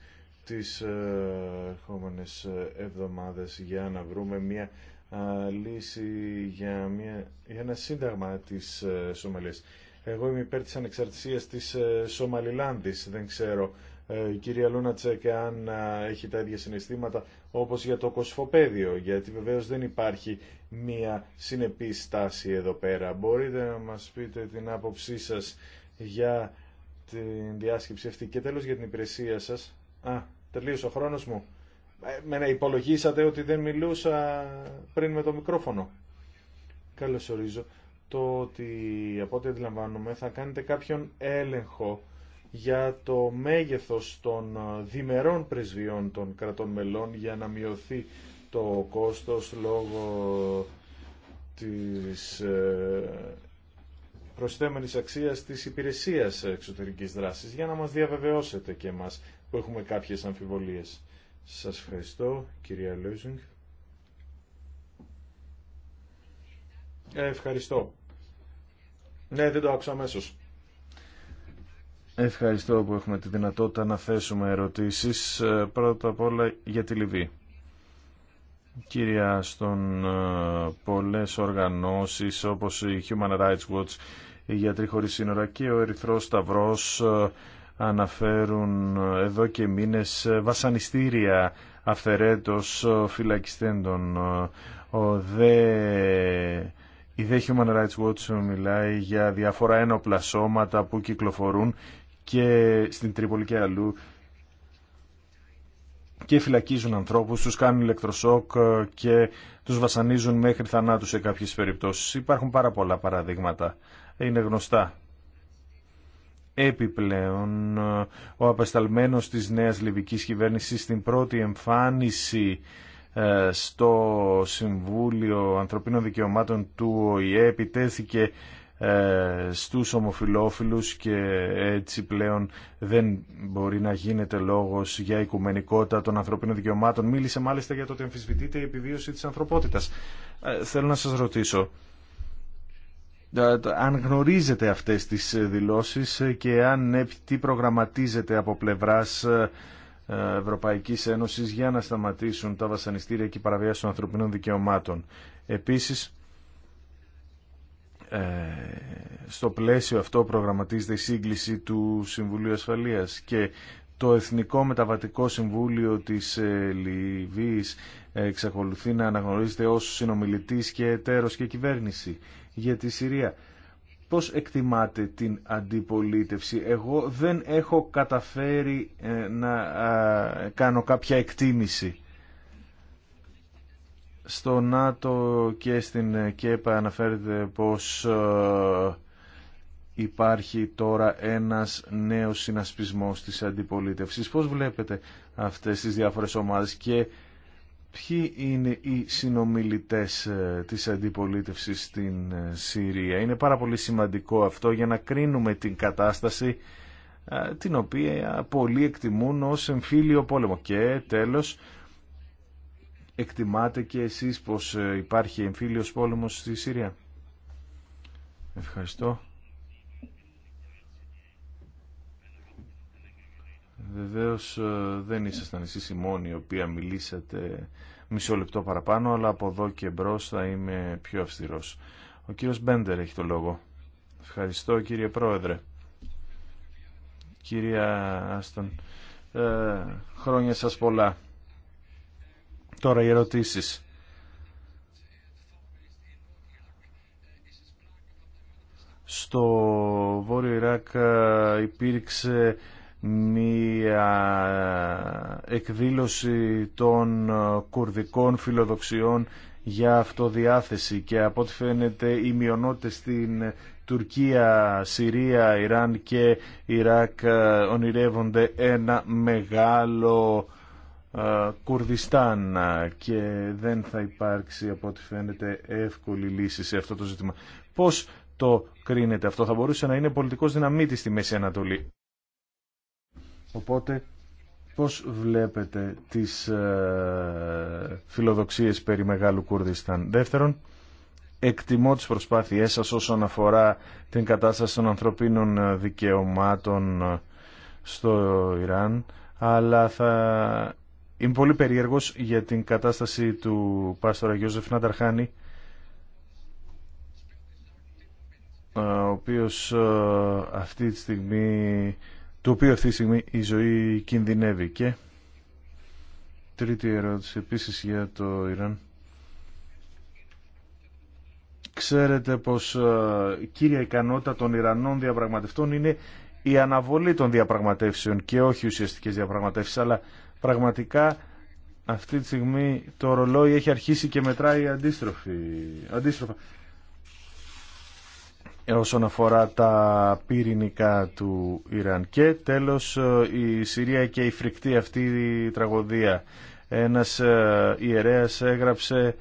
τις ε, ερχόμενες ε, εβδομάδες για να βρούμε μια ε, λύση για, μια, για ένα σύνταγμα της Σομαλίας. Εγώ είμαι υπέρ της ανεξαρτησίας της Σομαλιλάνδης, δεν ξέρω η κυρία και αν έχει τα ίδια συναισθήματα όπως για το κοσφοπέδιο, γιατί βεβαίως δεν υπάρχει μία συνεπή στάση εδώ πέρα. Μπορείτε να μας πείτε την άποψή σας για την διάσκεψη αυτή και τέλος για την υπηρεσία σας. Α, τελείωσε ο χρόνο μου. Ε, με υπολογίσατε ότι δεν μιλούσα πριν με το μικρόφωνο. Καλώς ορίζω. Το ότι από ό,τι αντιλαμβάνομαι θα κάνετε κάποιον έλεγχο για το μέγεθος των ε, διμερών πρεσβειών των κρατών μελών για να μειωθεί το κόστος λόγω της ε, προσθέμενης αξίας της υπηρεσίας εξωτερικής δράσης για να μας διαβεβαιώσετε και μας που έχουμε κάποιες αμφιβολίες. Σας ευχαριστώ, κυρία Ε, Ευχαριστώ. Ναι, δεν το άκουσα αμέσω. Ευχαριστώ που έχουμε τη δυνατότητα να θέσουμε ερωτήσεις. Ε, πρώτα απ' όλα για τη Λιβύη. Κυρία, στον ε, πολλές οργανώσεις όπως η Human Rights Watch για Χωρίς σύνορα και ο Ερυθρός Σταυρός ε, αναφέρουν εδώ και μήνες βασανιστήρια αφαιρέτως φυλακιστέντων. Ο δε... Η The Human Rights Watch μιλάει για διάφορα ένοπλα σώματα που κυκλοφορούν και στην Τρίπολη και αλλού και φυλακίζουν ανθρώπους, τους κάνουν ηλεκτροσόκ και τους βασανίζουν μέχρι θανάτου σε κάποιες περιπτώσεις. Υπάρχουν πάρα πολλά παραδείγματα. Είναι γνωστά Επιπλέον, ο απεσταλμένος της νέας λιβικής κυβέρνησης στην πρώτη εμφάνιση ε, στο Συμβούλιο Ανθρωπίνων Δικαιωμάτων του ΟΗΕ επιτέθηκε ε, στους ομοφιλόφιλους και έτσι πλέον δεν μπορεί να γίνεται λόγος για οικουμενικότητα των ανθρωπίνων δικαιωμάτων. Μίλησε μάλιστα για το ότι αμφισβητείται η επιβίωση της ανθρωπότητας. Ε, θέλω να σας ρωτήσω, ε, αν γνωρίζετε αυτές τις ε, δηλώσεις και αν ε, τι προγραμματίζεται από πλευράς Ευρωπαϊκής Ένωσης για να σταματήσουν τα βασανιστήρια και η παραβίαση των ανθρωπινών δικαιωμάτων. Επίσης, στο πλαίσιο αυτό προγραμματίζεται η σύγκληση του Συμβουλίου Ασφαλείας και το Εθνικό Μεταβατικό Συμβούλιο της Λιβύης εξακολουθεί να αναγνωρίζεται ως συνομιλητής και εταίρος και κυβέρνηση για τη Συρία. Πώς εκτιμάτε την αντιπολίτευση. Εγώ δεν έχω καταφέρει ε, να κάνω κάποια εκτίμηση. Στο ΝΑΤΟ και στην ΚΕΠΑ αναφέρεται πως ε, υπάρχει τώρα ένας νέος συνασπισμός της αντιπολίτευσης. Πώς βλέπετε αυτές τις διάφορες ομάδες και Ποιοι είναι οι συνομιλητές ε, της αντιπολίτευσης στην ε, Συρία. Είναι πάρα πολύ σημαντικό αυτό για να κρίνουμε την κατάσταση ε, την οποία πολλοί εκτιμούν ως εμφύλιο πόλεμο. Και τέλος, εκτιμάτε και εσείς πως υπάρχει εμφύλιος πόλεμος στη Συρία. Ευχαριστώ. Βεβαίως ε, δεν ήσασταν εσείς οι μόνοι οι οποίοι μιλήσατε μισό λεπτό παραπάνω, αλλά από εδώ και μπρο θα είμαι πιο αυστηρός. Ο κύριος Μπέντερ έχει το λόγο. Ευχαριστώ κύριε Πρόεδρε. Κυρία Άστον, ε, χρόνια σας πολλά. Τώρα οι ερωτήσεις. Στο Βόρειο Ιράκ ε, υπήρξε μία εκδήλωση των κουρδικών φιλοδοξιών για αυτοδιάθεση και από ό,τι φαίνεται οι μειονότητες στην Τουρκία, Συρία, Ιράν και Ιράκ ε, ονειρεύονται ένα μεγάλο ε, Κουρδιστάν και δεν θα υπάρξει από ό,τι φαίνεται εύκολη λύση σε αυτό το ζήτημα. Πώς το κρίνεται αυτό, θα μπορούσε να είναι πολιτικός δυναμίτης στη Μέση Ανατολή. Οπότε πώς βλέπετε τις ε, φιλοδοξίες περί Μεγάλου Κουρδιστάν. Δεύτερον, εκτιμώ τις προσπάθειές σας όσον αφορά την κατάσταση των ανθρωπίνων ε, δικαιωμάτων ε, στο Ιράν, αλλά θα είμαι πολύ περίεργος για την κατάσταση του Πάστορα Γιώζεφ Νανταρχάνη, ο οποίος αυτή τη στιγμή το οποίο αυτή τη στιγμή η ζωή κινδυνεύει. Και τρίτη ερώτηση επίσης για το Ιράν. Ξέρετε πως ε, η κύρια ικανότητα των Ιρανών διαπραγματευτών είναι η αναβολή των διαπραγματεύσεων και όχι ουσιαστικές διαπραγματεύσεις, αλλά πραγματικά αυτή τη στιγμή το ρολόι έχει αρχίσει και μετράει αντίστροφη, αντίστροφα όσον αφορά τα πυρηνικά του Ιράν. Και τέλος ε, η Συρία και η φρικτή αυτή η τραγωδία. Ένας ε, ιερέας έγραψε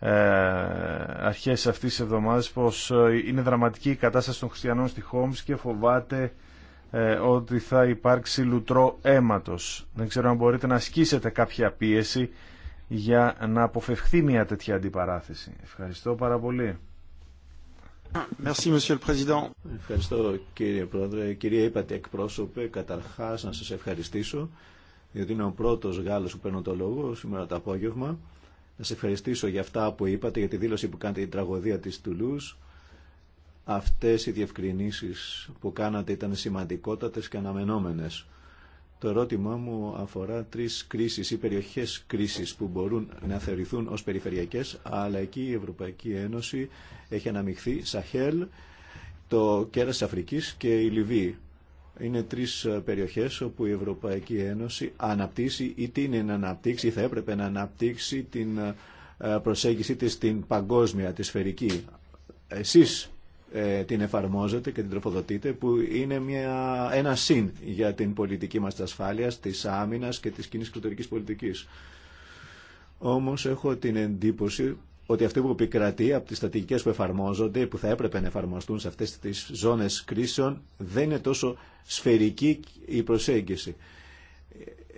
ε, αρχές αυτής της εβδομάδας πως είναι δραματική η κατάσταση των χριστιανών στη Χόμς και φοβάται ότι θα υπάρξει λουτρό αίματος. Δεν ξέρω αν μπορείτε να ασκήσετε κάποια πίεση για να αποφευχθεί μια τέτοια αντιπαράθεση. Ευχαριστώ πάρα πολύ. Merci, Monsieur le Président. Ευχαριστώ κύριε Πρόεδρε. Κυρία είπατε εκπρόσωπε, καταρχάς να σας ευχαριστήσω διότι είναι ο πρώτος Γάλλος που παίρνω το λόγο σήμερα το απόγευμα. Να σας ευχαριστήσω για αυτά που είπατε, για τη δήλωση που κάνετε την τραγωδία της Τουλούς. Αυτές οι διευκρινήσεις που κάνατε ήταν σημαντικότατες και αναμενόμενες. Το ερώτημά μου αφορά τρεις κρίσεις ή περιοχές κρίσης που μπορούν να θεωρηθούν ως περιφερειακές, αλλά εκεί η Ευρωπαϊκή Ένωση έχει αναμειχθεί Σαχέλ, το κέρας Αφρικής και η Λιβύη. Είναι τρεις περιοχές όπου η Ευρωπαϊκή Ένωση αναπτύσσει ή την να αναπτύξει, θα έπρεπε να αναπτύξει την ε, προσέγγιση της στην παγκόσμια, τη σφαιρική. Εσείς ε, την εφαρμόζετε και την τροφοδοτείτε που είναι μια, ένα συν για την πολιτική μας της ασφάλειας, της άμυνας και της κοινή εξωτερική πολιτικής. Όμως έχω την εντύπωση ότι αυτή που επικρατεί από τις στατικές που εφαρμόζονται ή που θα έπρεπε να εφαρμοστούν σε αυτές τις ζώνες κρίσεων δεν είναι τόσο σφαιρική η προσέγγιση.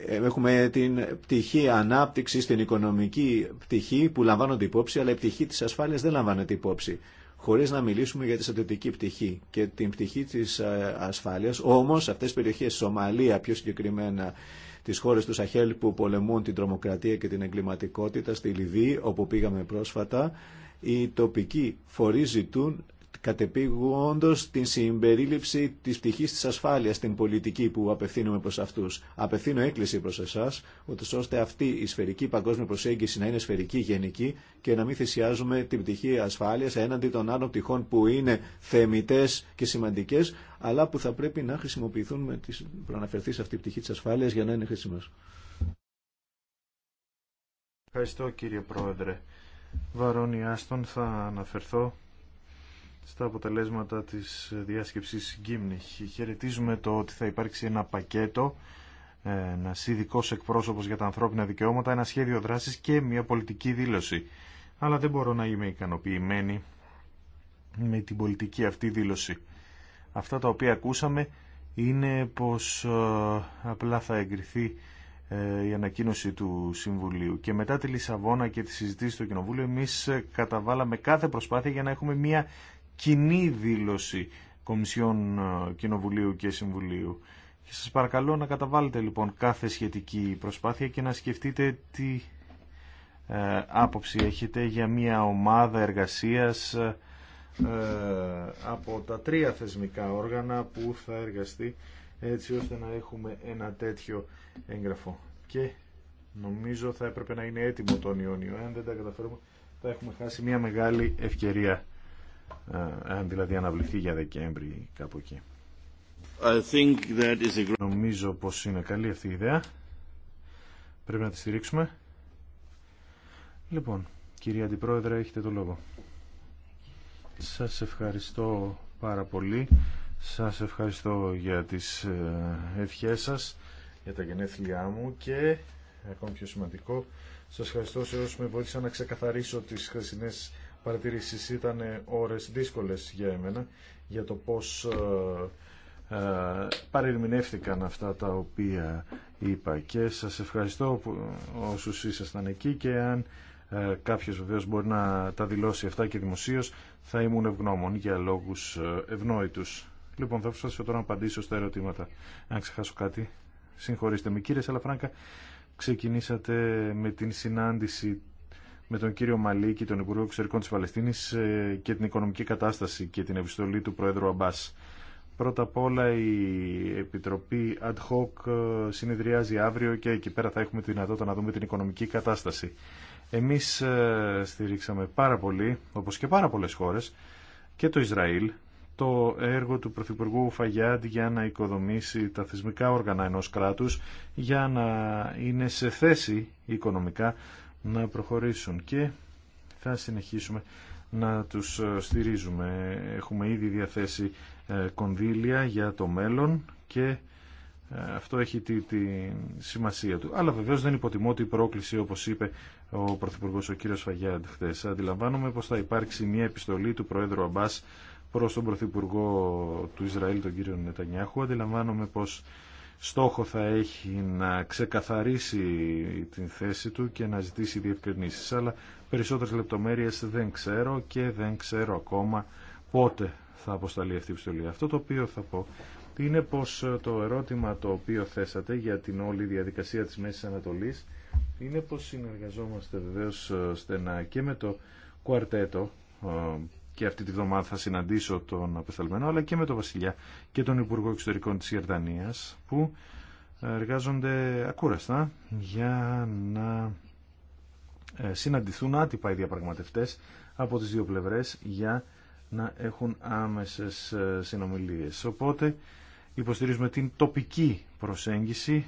Ε, έχουμε την πτυχή ανάπτυξη, την οικονομική πτυχή που λαμβάνονται υπόψη, αλλά η πτυχή της ασφάλειας δεν λαμβάνεται υπόψη χωρίς να μιλήσουμε για τη στρατιωτική πτυχή και την πτυχή της ε, ασφάλειας. Όμως αυτές οι περιοχές, Σομαλία πιο συγκεκριμένα, τις χώρες του Σαχέλ που πολεμούν την τρομοκρατία και την εγκληματικότητα στη Λιβύη, όπου πήγαμε πρόσφατα, οι τοπικοί φορεί ζητούν κατεπήγοντος την συμπερίληψη της πτυχής της ασφάλειας στην πολιτική που απευθύνουμε προς αυτούς. Απευθύνω έκκληση προς εσάς, ούτω ώστε αυτή η σφαιρική παγκόσμια προσέγγιση να είναι σφαιρική γενική και να μην θυσιάζουμε την πτυχή ασφάλειας έναντι των άλλων πτυχών που είναι θεμητές και σημαντικές, αλλά που θα πρέπει να χρησιμοποιηθούν με τις σε αυτή η πτυχή της ασφάλειας για να είναι χρήσιμες. Ευχαριστώ κύριε Πρόεδρε. Βαρόνι Άστον θα αναφερθώ στα αποτελέσματα της διάσκεψης Γκίμνιχ, Χαιρετίζουμε το ότι θα υπάρξει ένα πακέτο, ένα ειδικό εκπρόσωπος για τα ανθρώπινα δικαιώματα, ένα σχέδιο δράσης και μια πολιτική δήλωση. Αλλά δεν μπορώ να είμαι ικανοποιημένη με την πολιτική αυτή δήλωση. Αυτά τα οποία ακούσαμε είναι πως ε, απλά θα εγκριθεί ε, η ανακοίνωση του Συμβουλίου. Και μετά τη Λισαβόνα και τη συζήτηση στο Κοινοβούλιο, εμεί ε, καταβάλαμε κάθε προσπάθεια για να έχουμε μια κοινή δήλωση Κομισιών ε, Κοινοβουλίου και Συμβουλίου. Και σας παρακαλώ να καταβάλλετε λοιπόν κάθε σχετική προσπάθεια και να σκεφτείτε τι ε, άποψη έχετε για μια ομάδα εργασίας ε, από τα τρία θεσμικά όργανα που θα εργαστεί έτσι ώστε να έχουμε ένα τέτοιο έγγραφο. Και νομίζω θα έπρεπε να είναι έτοιμο τον Ιόνιο. Εάν δεν τα καταφέρουμε θα έχουμε χάσει μια μεγάλη ευκαιρία αν ε, δηλαδή αναβληθεί για Δεκέμβρη κάπου εκεί. I think Νομίζω πως είναι καλή αυτή η ιδέα. Πρέπει να τη στηρίξουμε. Λοιπόν, κυρία Αντιπρόεδρε, έχετε το λόγο. Σας ευχαριστώ πάρα πολύ. Σας ευχαριστώ για τις ε, ευχές σας, για τα γενέθλιά μου και, ακόμη πιο σημαντικό, σας ευχαριστώ σε όσους με βοήθησαν να ξεκαθαρίσω τις χρησινές παρατηρήσεις. Ήταν ώρες δύσκολες για εμένα για το πώς ε, ε, παρερμηνεύτηκαν αυτά τα οποία είπα και σας ευχαριστώ που όσους ήσασταν εκεί και αν ε, κάποιος βεβαίως μπορεί να τα δηλώσει αυτά και δημοσίως θα ήμουν ευγνώμων για λόγους ευνόητους. Λοιπόν, θα προσπαθήσω τώρα να απαντήσω στα ερωτήματα. Αν ξεχάσω κάτι, συγχωρήστε με. Κύριε Σαλαφράγκα, ξεκινήσατε με την συνάντηση με τον κύριο Μαλίκη, τον Υπουργό Εξωτερικών της Παλαιστίνης ε, και την οικονομική κατάσταση και την επιστολή του Πρόεδρου Αμπάς. Πρώτα απ' όλα η Επιτροπή Ad Hoc ε, συνεδριάζει αύριο και εκεί πέρα θα έχουμε τη δυνατότητα να δούμε την οικονομική κατάσταση. Εμείς ε, στηρίξαμε πάρα πολύ, όπως και πάρα πολλές χώρες, και το Ισραήλ, το έργο του Πρωθυπουργού Φαγιάντ για να οικοδομήσει τα θεσμικά όργανα ενός κράτους για να είναι σε θέση οικονομικά να προχωρήσουν και θα συνεχίσουμε να τους ε, στηρίζουμε. Έχουμε ήδη διαθέσει ε, κονδύλια για το μέλλον και ε, αυτό έχει τη, σημασία του. Αλλά βεβαίως δεν υποτιμώ την πρόκληση όπως είπε ο Πρωθυπουργός ο κύριος Φαγιάντ χθες. Αντιλαμβάνομαι πως θα υπάρξει μια επιστολή του Προέδρου Αμπάς προς τον Πρωθυπουργό του Ισραήλ τον κύριο Νετανιάχου. Αντιλαμβάνομαι πως στόχο θα έχει να ξεκαθαρίσει την θέση του και να ζητήσει διευκρινήσεις. Αλλά περισσότερες λεπτομέρειες δεν ξέρω και δεν ξέρω ακόμα πότε θα αποσταλεί αυτή η επιστολή. Αυτό το οποίο θα πω είναι πως ε, το ερώτημα το οποίο θέσατε για την όλη διαδικασία της Μέσης Ανατολής είναι πως συνεργαζόμαστε βεβαίως ε, στενά και με το κουαρτέτο ε, και αυτή τη βδομάδα θα συναντήσω τον απεσταλμένο αλλά και με τον Βασιλιά και τον Υπουργό Εξωτερικών της Ιερδανίας, που εργάζονται ακούραστα για να ε, συναντηθούν άτυπα οι διαπραγματευτές από τις δύο πλευρές για να έχουν άμεσες ε, συνομιλίες. Οπότε υποστηρίζουμε την τοπική προσέγγιση,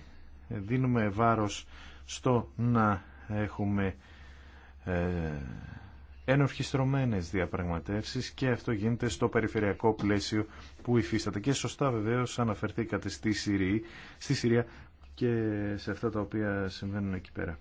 δίνουμε βάρος στο να έχουμε ε, ενορχιστρωμένες διαπραγματεύσεις και αυτό γίνεται στο περιφερειακό πλαίσιο που υφίσταται. Και σωστά βεβαίως αναφερθήκατε στη Συρία, στη Συρία και σε αυτά τα οποία συμβαίνουν εκεί πέρα.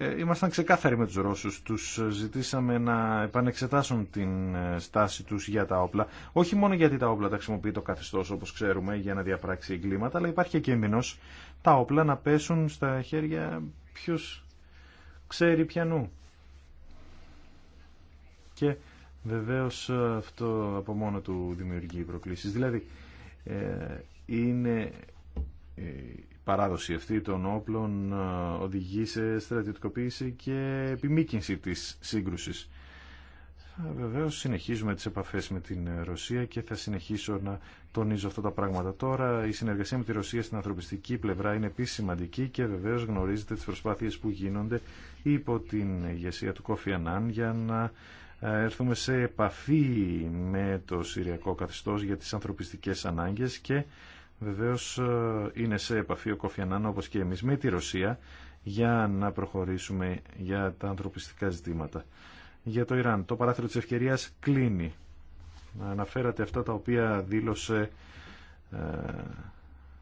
Ε, ήμασταν ξεκάθαροι με τους Ρώσους, τους ζητήσαμε να επανεξετάσουν την ε, στάση τους για τα όπλα. Όχι μόνο γιατί τα όπλα τα χρησιμοποιεί το καθεστώς όπως ξέρουμε για να διαπράξει εγκλήματα, αλλά υπάρχει και κίνδυνος τα όπλα να πέσουν στα χέρια ποιος ξέρει πιανού και βεβαίως ε, αυτό από μόνο του δημιουργεί προκλήσεις. Δηλαδή ε, είναι ε, η παράδοση αυτή των όπλων οδηγεί σε στρατιωτικοποίηση και επιμήκυνση της σύγκρουσης. Βεβαίως συνεχίζουμε τις επαφές με την Ρωσία και θα συνεχίσω να τονίζω αυτά τα πράγματα. Τώρα η συνεργασία με τη Ρωσία στην ανθρωπιστική πλευρά είναι επίσης σημαντική και βεβαίως γνωρίζετε τις προσπάθειες που γίνονται υπό την ηγεσία του Κόφι για να ε, έρθουμε σε επαφή με το Συριακό καθεστώς για τις ανθρωπιστικές ανάγκες και βεβαίως ε, είναι σε επαφή ο Κοφιανάν όπως και εμείς με τη Ρωσία για να προχωρήσουμε για τα ανθρωπιστικά ζητήματα. Για το Ιράν, το παράθυρο της ευκαιρίας κλείνει. Αναφέρατε αυτά τα οποία δήλωσε, ε,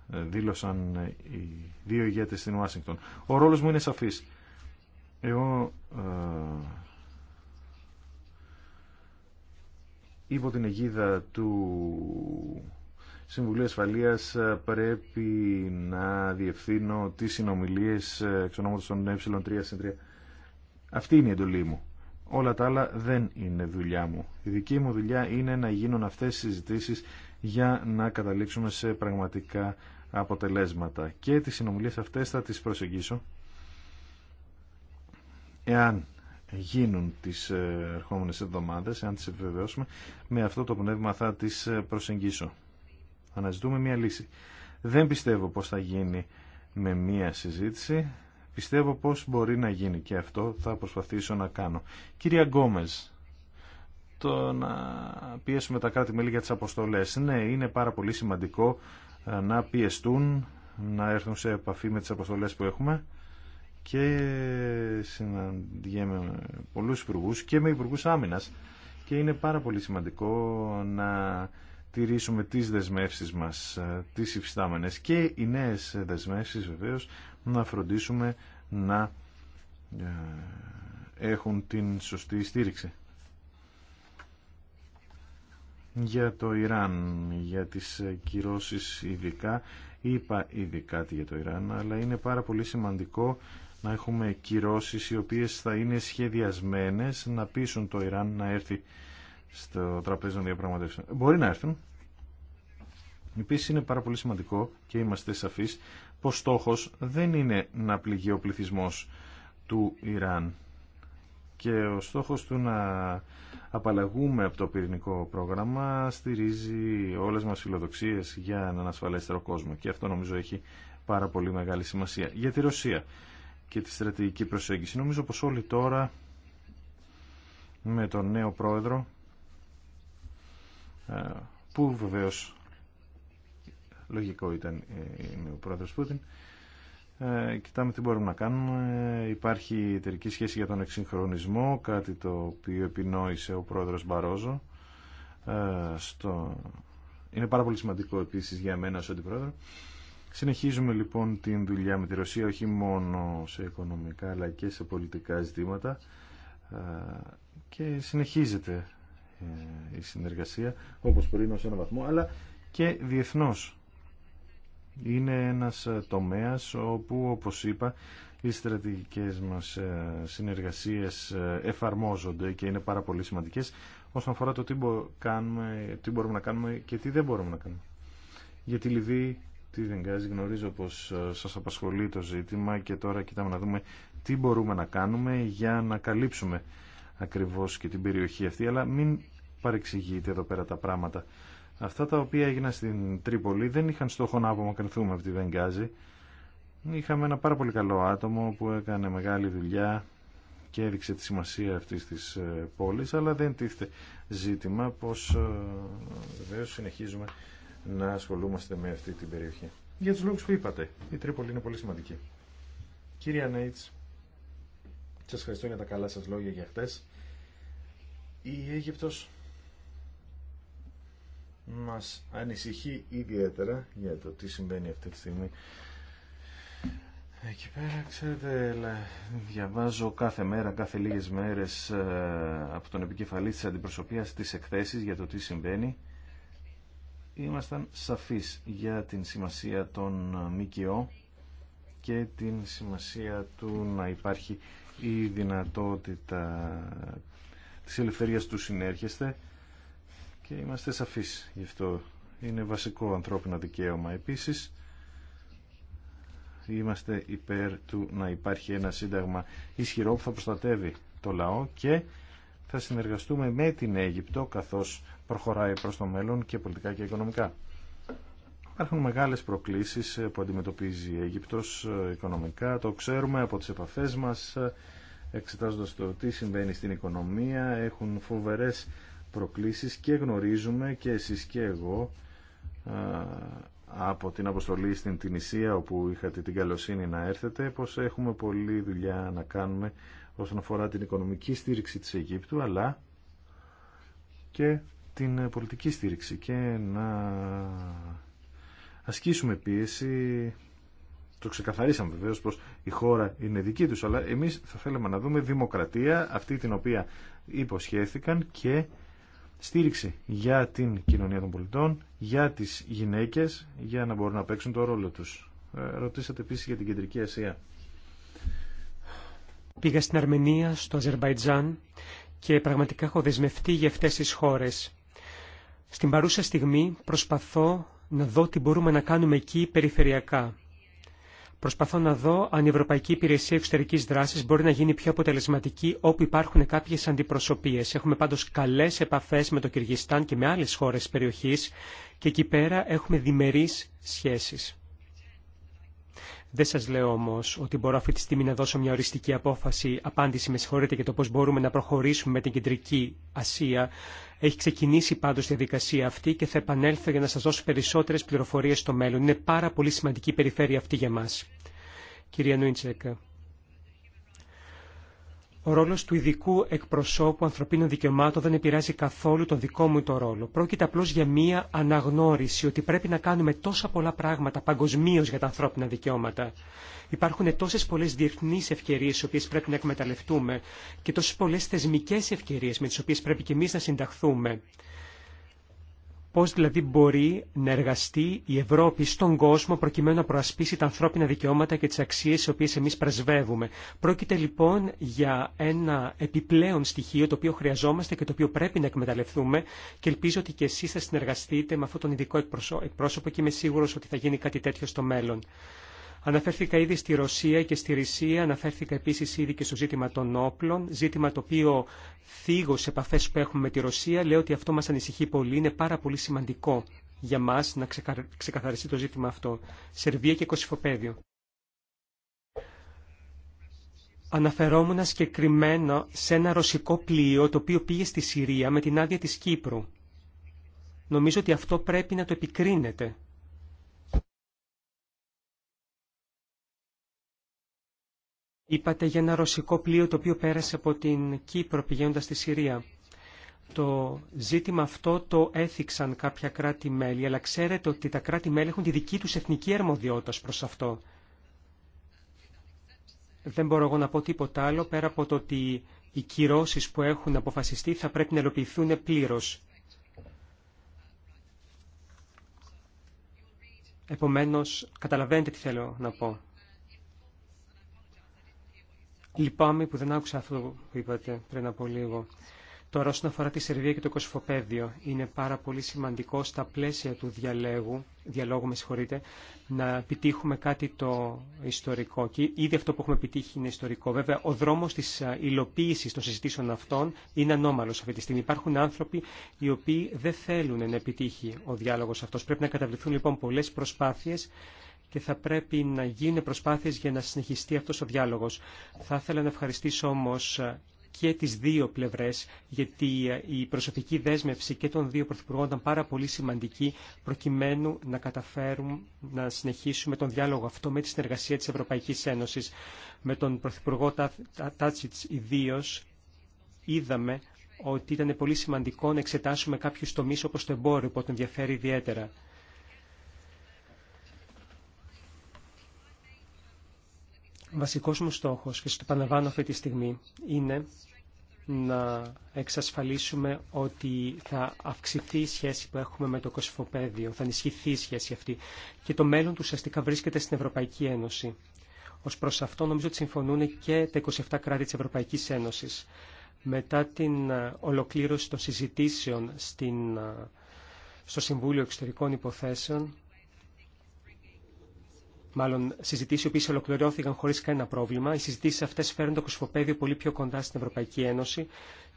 δήλωσαν οι δύο ηγέτες στην Ουάσιγκτον. Ο ρόλος μου είναι σαφής. Εγώ υπό την αιγίδα του Συμβουλίου Ασφαλείας πρέπει να διευθύνω τις συνομιλίες ε, εξ ονόματος των ε3 Αυτή είναι η εντολή μου. Όλα τα άλλα δεν είναι δουλειά μου. Η δική μου δουλειά είναι να γίνουν αυτές οι συζητήσεις για να καταλήξουμε σε πραγματικά αποτελέσματα. Και τις συνομιλίες αυτές θα τις προσεγγίσω εάν γίνουν τις ε, ερχόμενες εβδομάδες, αν τις επιβεβαιώσουμε, με αυτό το πνεύμα θα τις ε, προσεγγίσω. Αναζητούμε μια λύση. Δεν πιστεύω πως θα γίνει με μια συζήτηση. Πιστεύω πως μπορεί να γίνει και αυτό θα προσπαθήσω να κάνω. Κυρία Γκόμες, το να πιέσουμε τα κράτη-μέλη για τις αποστολές. Ναι, είναι πάρα πολύ σημαντικό ε, να πιεστούν, να έρθουν σε επαφή με τις αποστολές που έχουμε και συναντιέμαι με πολλούς υπουργούς και με υπουργούς άμυνας και είναι πάρα πολύ σημαντικό να τηρήσουμε τις δεσμεύσεις μας, ε, τις υφιστάμενες και οι νέες δεσμεύσεις βεβαίως να φροντίσουμε να ε, έχουν την σωστή στήριξη. Για το Ιράν, για τις ε, κυρώσεις ειδικά, είπα ειδικά για το Ιράν, αλλά είναι πάρα πολύ σημαντικό να έχουμε κυρώσεις οι οποίες θα είναι σχεδιασμένες να πείσουν το Ιράν να έρθει στο τραπέζι των διαπραγματεύσεων. Μπορεί να έρθουν. Επίσης είναι πάρα πολύ σημαντικό και είμαστε σαφείς πως στόχος δεν είναι να πληγεί ο πληθυσμός του Ιράν και ο στόχος του να απαλλαγούμε από το πυρηνικό πρόγραμμα στηρίζει όλες μας φιλοδοξίες για έναν ασφαλέστερο κόσμο και αυτό νομίζω έχει πάρα πολύ μεγάλη σημασία. Για τη Ρωσία και τη στρατηγική προσέγγιση. Νομίζω πως όλοι τώρα με τον νέο πρόεδρο ε, που βεβαίως λογικό ήταν ε, είναι ο πρόεδρος Πούτιν ε, κοιτάμε τι μπορούμε να κάνουμε υπάρχει εταιρική σχέση για τον εξυγχρονισμό κάτι το οποίο επινόησε ο πρόεδρος Μπαρόζο στο... είναι πάρα πολύ σημαντικό επίσης για μένα ως αντιπρόεδρο Συνεχίζουμε λοιπόν την δουλειά με τη Ρωσία όχι μόνο σε οικονομικά αλλά και σε πολιτικά ζητήματα και συνεχίζεται ε, η συνεργασία όπως πριν ως ένα βαθμό αλλά και διεθνώς είναι ένας ε, τομέας όπου όπως είπα οι στρατηγικές μας ε, συνεργασίες εφαρμόζονται και είναι πάρα πολύ σημαντικές όσον αφορά το τι, μπορούμε να κάνουμε και τι δεν μπορούμε να κάνουμε. Για τη δεν Βενγκάζη γνωρίζω πως ε, σας απασχολεί το ζήτημα και τώρα κοιτάμε να δούμε τι μπορούμε να κάνουμε για να καλύψουμε ακριβώς και την περιοχή αυτή αλλά μην παρεξηγείτε εδώ πέρα τα πράγματα. Αυτά τα οποία έγιναν στην Τρίπολη δεν είχαν στόχο να απομακρυνθούμε από τη Βενγκάζη. Είχαμε ένα πάρα πολύ καλό άτομο που έκανε μεγάλη δουλειά και έδειξε τη σημασία αυτής της ε, πόλης αλλά δεν τίθεται ζήτημα πως ε, βεβαίως συνεχίζουμε να ασχολούμαστε με αυτή την περιοχή. Για τους λόγους που είπατε, η Τρίπολη είναι πολύ σημαντική. Κύριε Νέιτς, σας ευχαριστώ για τα καλά σας λόγια για χτες. Η Αίγυπτος μας ανησυχεί ιδιαίτερα για το τι συμβαίνει αυτή τη στιγμή. Εκεί πέρα, ξέρετε, διαβάζω κάθε μέρα, κάθε λίγες μέρες ε, από τον επικεφαλή της αντιπροσωπείας τις εκθέσεις για το τι συμβαίνει ήμασταν σαφείς για την σημασία των ΜΚΟ και την σημασία του να υπάρχει η δυνατότητα της ελευθερίας του συνέρχεστε και είμαστε σαφείς γι' αυτό είναι βασικό ανθρώπινο δικαίωμα επίσης είμαστε υπέρ του να υπάρχει ένα σύνταγμα ισχυρό που θα προστατεύει το λαό και θα συνεργαστούμε με την Αίγυπτο καθώς προχωράει προς το μέλλον και πολιτικά και οικονομικά. Υπάρχουν μεγάλες προκλήσεις που αντιμετωπίζει η Αίγυπτος ε, οικονομικά. Το ξέρουμε από τις επαφές μας, ε, εξετάζοντας το τι συμβαίνει στην οικονομία. Έχουν φοβερές προκλήσεις και γνωρίζουμε και εσείς και εγώ ε, από την αποστολή στην Τινησία όπου είχατε την καλοσύνη να έρθετε πως έχουμε πολλή δουλειά να κάνουμε όσον αφορά την οικονομική στήριξη της Αιγύπτου αλλά και την πολιτική στήριξη και να ασκήσουμε πίεση το ξεκαθαρίσαμε βεβαίως πως η χώρα είναι δική τους αλλά εμείς θα θέλαμε να δούμε δημοκρατία αυτή την οποία υποσχέθηκαν και στήριξη για την κοινωνία των πολιτών, για τις γυναίκες για να μπορούν να παίξουν το ρόλο τους. Ε, ρωτήσατε επίσης για την Κεντρική Ασία. Πήγα στην Αρμενία, στο Αζερβαϊτζάν και πραγματικά έχω δεσμευτεί για αυτές τις χώρες. Στην παρούσα στιγμή προσπαθώ να δω τι μπορούμε να κάνουμε εκεί περιφερειακά. Προσπαθώ να δω αν η Ευρωπαϊκή Υπηρεσία Εξωτερικής Δράσης μπορεί να γίνει πιο αποτελεσματική όπου υπάρχουν κάποιες αντιπροσωπείες. Έχουμε πάντως καλές επαφές με το Κυργιστάν και με άλλες χώρες περιοχής και εκεί πέρα έχουμε διμερείς σχέσεις. Δεν σα λέω όμω ότι μπορώ αυτή τη στιγμή να δώσω μια οριστική απόφαση, απάντηση με συγχωρείτε για το πώς μπορούμε να προχωρήσουμε με την Κεντρική Ασία. Έχει ξεκινήσει πάντω η διαδικασία αυτή και θα επανέλθω για να σας δώσω περισσότερες πληροφορίες στο μέλλον. Είναι πάρα πολύ σημαντική η περιφέρεια αυτή για μα. Κυρία Νουίντσεκ, ο ρόλος του ειδικού εκπροσώπου ανθρωπίνων δικαιωμάτων δεν επηρεάζει καθόλου τον δικό μου το ρόλο. Πρόκειται απλώς για μία αναγνώριση ότι πρέπει να κάνουμε τόσα πολλά πράγματα παγκοσμίω για τα ανθρώπινα δικαιώματα. Υπάρχουν τόσες πολλές διεθνείς ευκαιρίες τις οποίες πρέπει να εκμεταλλευτούμε και τόσες πολλές θεσμικές ευκαιρίες με τις οποίες πρέπει και εμείς να συνταχθούμε. Πώς δηλαδή μπορεί να εργαστεί η Ευρώπη στον κόσμο προκειμένου να προασπίσει τα ανθρώπινα δικαιώματα και τις αξίες στις οποίες εμείς πρεσβεύουμε. Πρόκειται λοιπόν για ένα επιπλέον στοιχείο το οποίο χρειαζόμαστε και το οποίο πρέπει να εκμεταλλευτούμε και ελπίζω ότι και εσείς θα συνεργαστείτε με αυτόν τον ειδικό εκπρόσωπο και είμαι σίγουρο ότι θα γίνει κάτι τέτοιο στο μέλλον. Αναφέρθηκα ήδη στη Ρωσία και στη Ρησία, αναφέρθηκα επίση ήδη και στο ζήτημα των όπλων, ζήτημα το οποίο θίγω σε επαφέ που έχουμε με τη Ρωσία. Λέω ότι αυτό μα ανησυχεί πολύ, είναι πάρα πολύ σημαντικό για μα να ξεκαθαριστεί το ζήτημα αυτό. Σερβία και Κωσυφοπαίδιο. Αναφερόμουν συγκεκριμένα σε ένα ρωσικό πλοίο το οποίο πήγε στη Συρία με την άδεια της Κύπρου. Νομίζω ότι αυτό πρέπει να το επικρίνεται Είπατε για ένα ρωσικό πλοίο το οποίο πέρασε από την Κύπρο πηγαίνοντας στη Συρία. Το ζήτημα αυτό το έθιξαν κάποια κράτη-μέλη, αλλά ξέρετε ότι τα κράτη-μέλη έχουν τη δική τους εθνική αρμοδιότητα προς αυτό. Δεν μπορώ εγώ να πω τίποτα άλλο πέρα από το ότι οι κυρώσει που έχουν αποφασιστεί θα πρέπει να ελοπιθούν πλήρως. Επομένως, καταλαβαίνετε τι θέλω να πω. Λυπάμαι που δεν άκουσα αυτό που είπατε πριν από λίγο. Τώρα, όσον αφορά τη Σερβία και το Κοσφοπέδιο, είναι πάρα πολύ σημαντικό στα πλαίσια του διαλέγου, διαλόγου, με να επιτύχουμε κάτι το ιστορικό. Και ήδη αυτό που έχουμε επιτύχει είναι ιστορικό. Βέβαια, ο δρόμο τη υλοποίηση των συζητήσεων αυτών είναι ανώμαλο αυτή τη στιγμή. Υπάρχουν άνθρωποι οι οποίοι δεν θέλουν να επιτύχει ο διάλογο αυτό. Πρέπει να καταβληθούν λοιπόν πολλέ προσπάθειε και θα πρέπει να γίνουν προσπάθειες για να συνεχιστεί αυτός ο διάλογος. Θα ήθελα να ευχαριστήσω όμως και τις δύο πλευρές, γιατί η προσωπική δέσμευση και των δύο πρωθυπουργών ήταν πάρα πολύ σημαντική, προκειμένου να καταφέρουν να συνεχίσουμε τον διάλογο αυτό με τη συνεργασία της Ευρωπαϊκής Ένωσης. Με τον πρωθυπουργό Τάτσιτς ιδίω είδαμε ότι ήταν πολύ σημαντικό να εξετάσουμε κάποιους τομείς όπως το εμπόριο που τον ενδιαφέρει ιδιαίτερα. Βασικός μου στόχος, και στο επαναλαμβάνω αυτή τη στιγμή, είναι να εξασφαλίσουμε ότι θα αυξηθεί η σχέση που έχουμε με το κοσφοπέδιο, θα ενισχυθεί η σχέση αυτή και το μέλλον του ουσιαστικά βρίσκεται στην Ευρωπαϊκή Ένωση. Ως προς αυτό νομίζω ότι συμφωνούν και τα 27 κράτη της Ευρωπαϊκής Ένωσης. Μετά την ε, ολοκλήρωση των συζητήσεων στην, ε, στο Συμβούλιο Εξωτερικών Υποθέσεων, μάλλον συζητήσει οι οποίε ολοκληρώθηκαν χωρί κανένα πρόβλημα. Οι συζητήσει αυτέ φέρνουν το κοσμοπέδιο πολύ πιο κοντά στην Ευρωπαϊκή Ένωση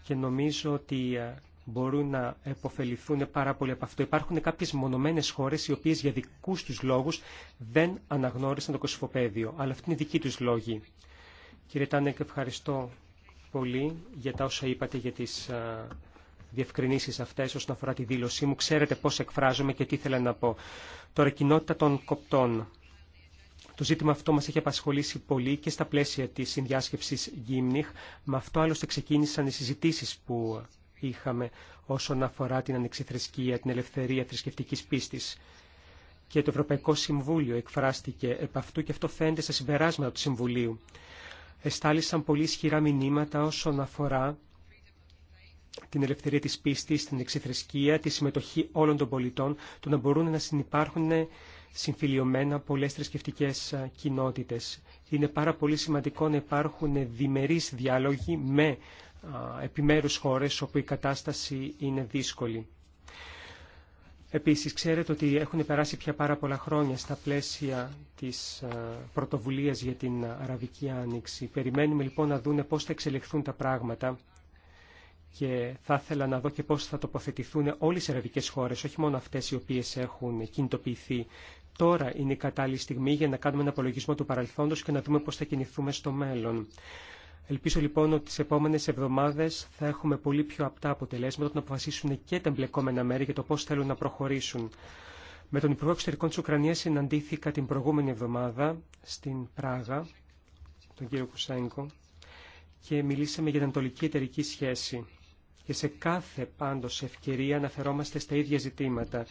και νομίζω ότι ε, μπορούν να επωφεληθούν πάρα πολύ από αυτό. Υπάρχουν κάποιε μονομένε χώρε οι οποίε για δικού του λόγου δεν αναγνώρισαν το κοσμοπέδιο, αλλά αυτή είναι δική του λόγοι. Κύριε Τάνεκ, ευχαριστώ πολύ για τα όσα είπατε για τι ε, διευκρινήσεις αυτές όσον αφορά τη δήλωσή μου. Ξέρετε πώς εκφράζομαι και τι ήθελα να πω. Τώρα, κοινότητα των κοπτών. Το ζήτημα αυτό μας έχει απασχολήσει πολύ και στα πλαίσια της συνδιάσκεψης Γίμνιχ. Με αυτό άλλωστε ξεκίνησαν οι συζητήσεις που είχαμε όσον αφορά την ανεξιθρησκεία, την ελευθερία θρησκευτική πίστης. Και το Ευρωπαϊκό Συμβούλιο εκφράστηκε επ' αυτού και αυτό φαίνεται στα συμπεράσματα του Συμβουλίου. Εστάλησαν πολύ ισχυρά μηνύματα όσον αφορά την ελευθερία της πίστης, την εξιθρησκεία, τη συμμετοχή όλων των πολιτών, το να μπορούν να συνεπάρχουν συμφιλειωμένα πολλές θρησκευτικέ κοινότητες. Είναι πάρα πολύ σημαντικό να υπάρχουν διμερείς διάλογοι με επιμέρους χώρες όπου η κατάσταση είναι δύσκολη. Επίσης, ξέρετε ότι έχουν περάσει πια πάρα πολλά χρόνια στα πλαίσια της πρωτοβουλίας για την Αραβική Άνοιξη. Περιμένουμε λοιπόν να δούνε πώς θα εξελιχθούν τα πράγματα και θα ήθελα να δω και πώς θα τοποθετηθούν όλες οι αραβικές χώρες, όχι μόνο αυτές οι οποίες έχουν κινητοποιηθεί Τώρα είναι η κατάλληλη στιγμή για να κάνουμε ένα απολογισμό του παρελθόντος και να δούμε πώς θα κινηθούμε στο μέλλον. Ελπίζω λοιπόν ότι τις επόμενες εβδομάδες θα έχουμε πολύ πιο απτά αποτελέσματα να αποφασίσουν και τα εμπλεκόμενα μέρη για το πώς θέλουν να προχωρήσουν. Με τον Υπουργό Εξωτερικών τη Ουκρανίας συναντήθηκα την προηγούμενη εβδομάδα στην Πράγα, τον κύριο Κουσέγκο, και μιλήσαμε για την ανατολική εταιρική σχέση. Και σε κάθε πάντως ευκαιρία αναφερόμαστε στα ίδια ζητήματα.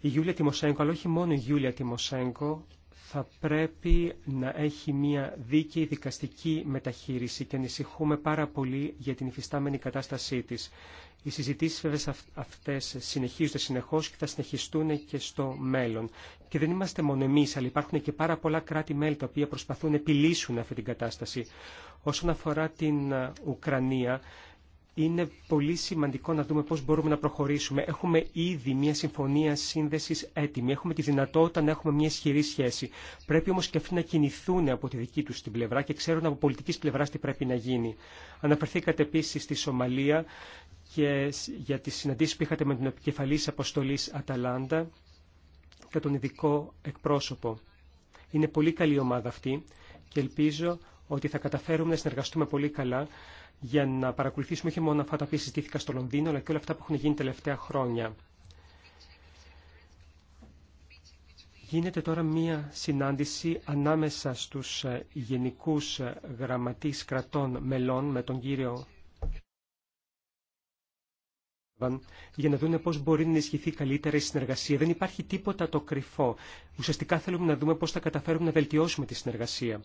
Η Γιούλια Τιμοσέγκο, αλλά όχι μόνο η Γιούλια Τιμοσέγκο, θα πρέπει να έχει μια δίκαιη δικαστική μεταχείριση και ανησυχούμε πάρα πολύ για την υφιστάμενη κατάστασή της. Οι συζητήσεις βέβαια αυτές συνεχίζονται συνεχώς και θα συνεχιστούν και στο μέλλον. Και δεν είμαστε μόνο εμείς, αλλά υπάρχουν και πάρα πολλά κράτη-μέλη τα οποία προσπαθούν να επιλύσουν αυτή την κατάσταση. Όσον αφορά την ε, Ουκρανία, είναι πολύ σημαντικό να δούμε πώς μπορούμε να προχωρήσουμε. Έχουμε ήδη μια συμφωνία σύνδεσης έτοιμη. Έχουμε τη δυνατότητα να έχουμε μια ισχυρή σχέση. Πρέπει όμως και αυτοί να κινηθούν από τη δική τους την πλευρά και ξέρουν από πολιτικής πλευράς τι πρέπει να γίνει. Αναφερθήκατε επίσης στη Σομαλία και για τις συναντήσεις που είχατε με την επικεφαλής αποστολής Αταλάντα και τον ειδικό εκπρόσωπο. Είναι πολύ καλή η ομάδα αυτή και ελπίζω ότι θα καταφέρουμε να συνεργαστούμε πολύ καλά για να παρακολουθήσουμε όχι μόνο αυτά τα οποία συζητήθηκαν στο Λονδίνο, αλλά και όλα αυτά που έχουν γίνει τελευταία χρόνια. Γίνεται τώρα μία συνάντηση ανάμεσα στους ε, γενικούς ε, γραμματείς κρατών μελών με τον κύριο για να δούμε πώς μπορεί να ενισχυθεί καλύτερα η συνεργασία. Δεν υπάρχει τίποτα το κρυφό. Ουσιαστικά θέλουμε να δούμε πώς θα καταφέρουμε να βελτιώσουμε τη συνεργασία.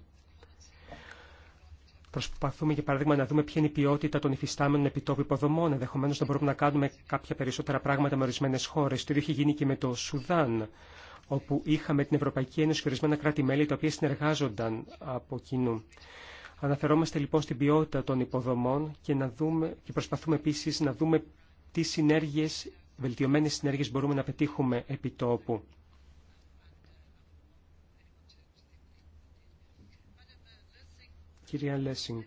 Προσπαθούμε, για παράδειγμα, να δούμε ποια είναι η ποιότητα των υφιστάμενων επιτόπου υποδομών. Ενδεχομένω να μπορούμε να κάνουμε κάποια περισσότερα πράγματα με ορισμένε χώρε. Το ίδιο είχε γίνει και με το Σουδάν, όπου είχαμε την Ευρωπαϊκή Ένωση και ορισμένα κράτη-μέλη τα οποία συνεργάζονταν από κοινού. Αναφερόμαστε λοιπόν στην ποιότητα των υποδομών και, να δούμε, και προσπαθούμε επίση να δούμε τι συνέργειε, βελτιωμένε συνέργειε μπορούμε να πετύχουμε επιτόπου. κυρία Λέσινγκ.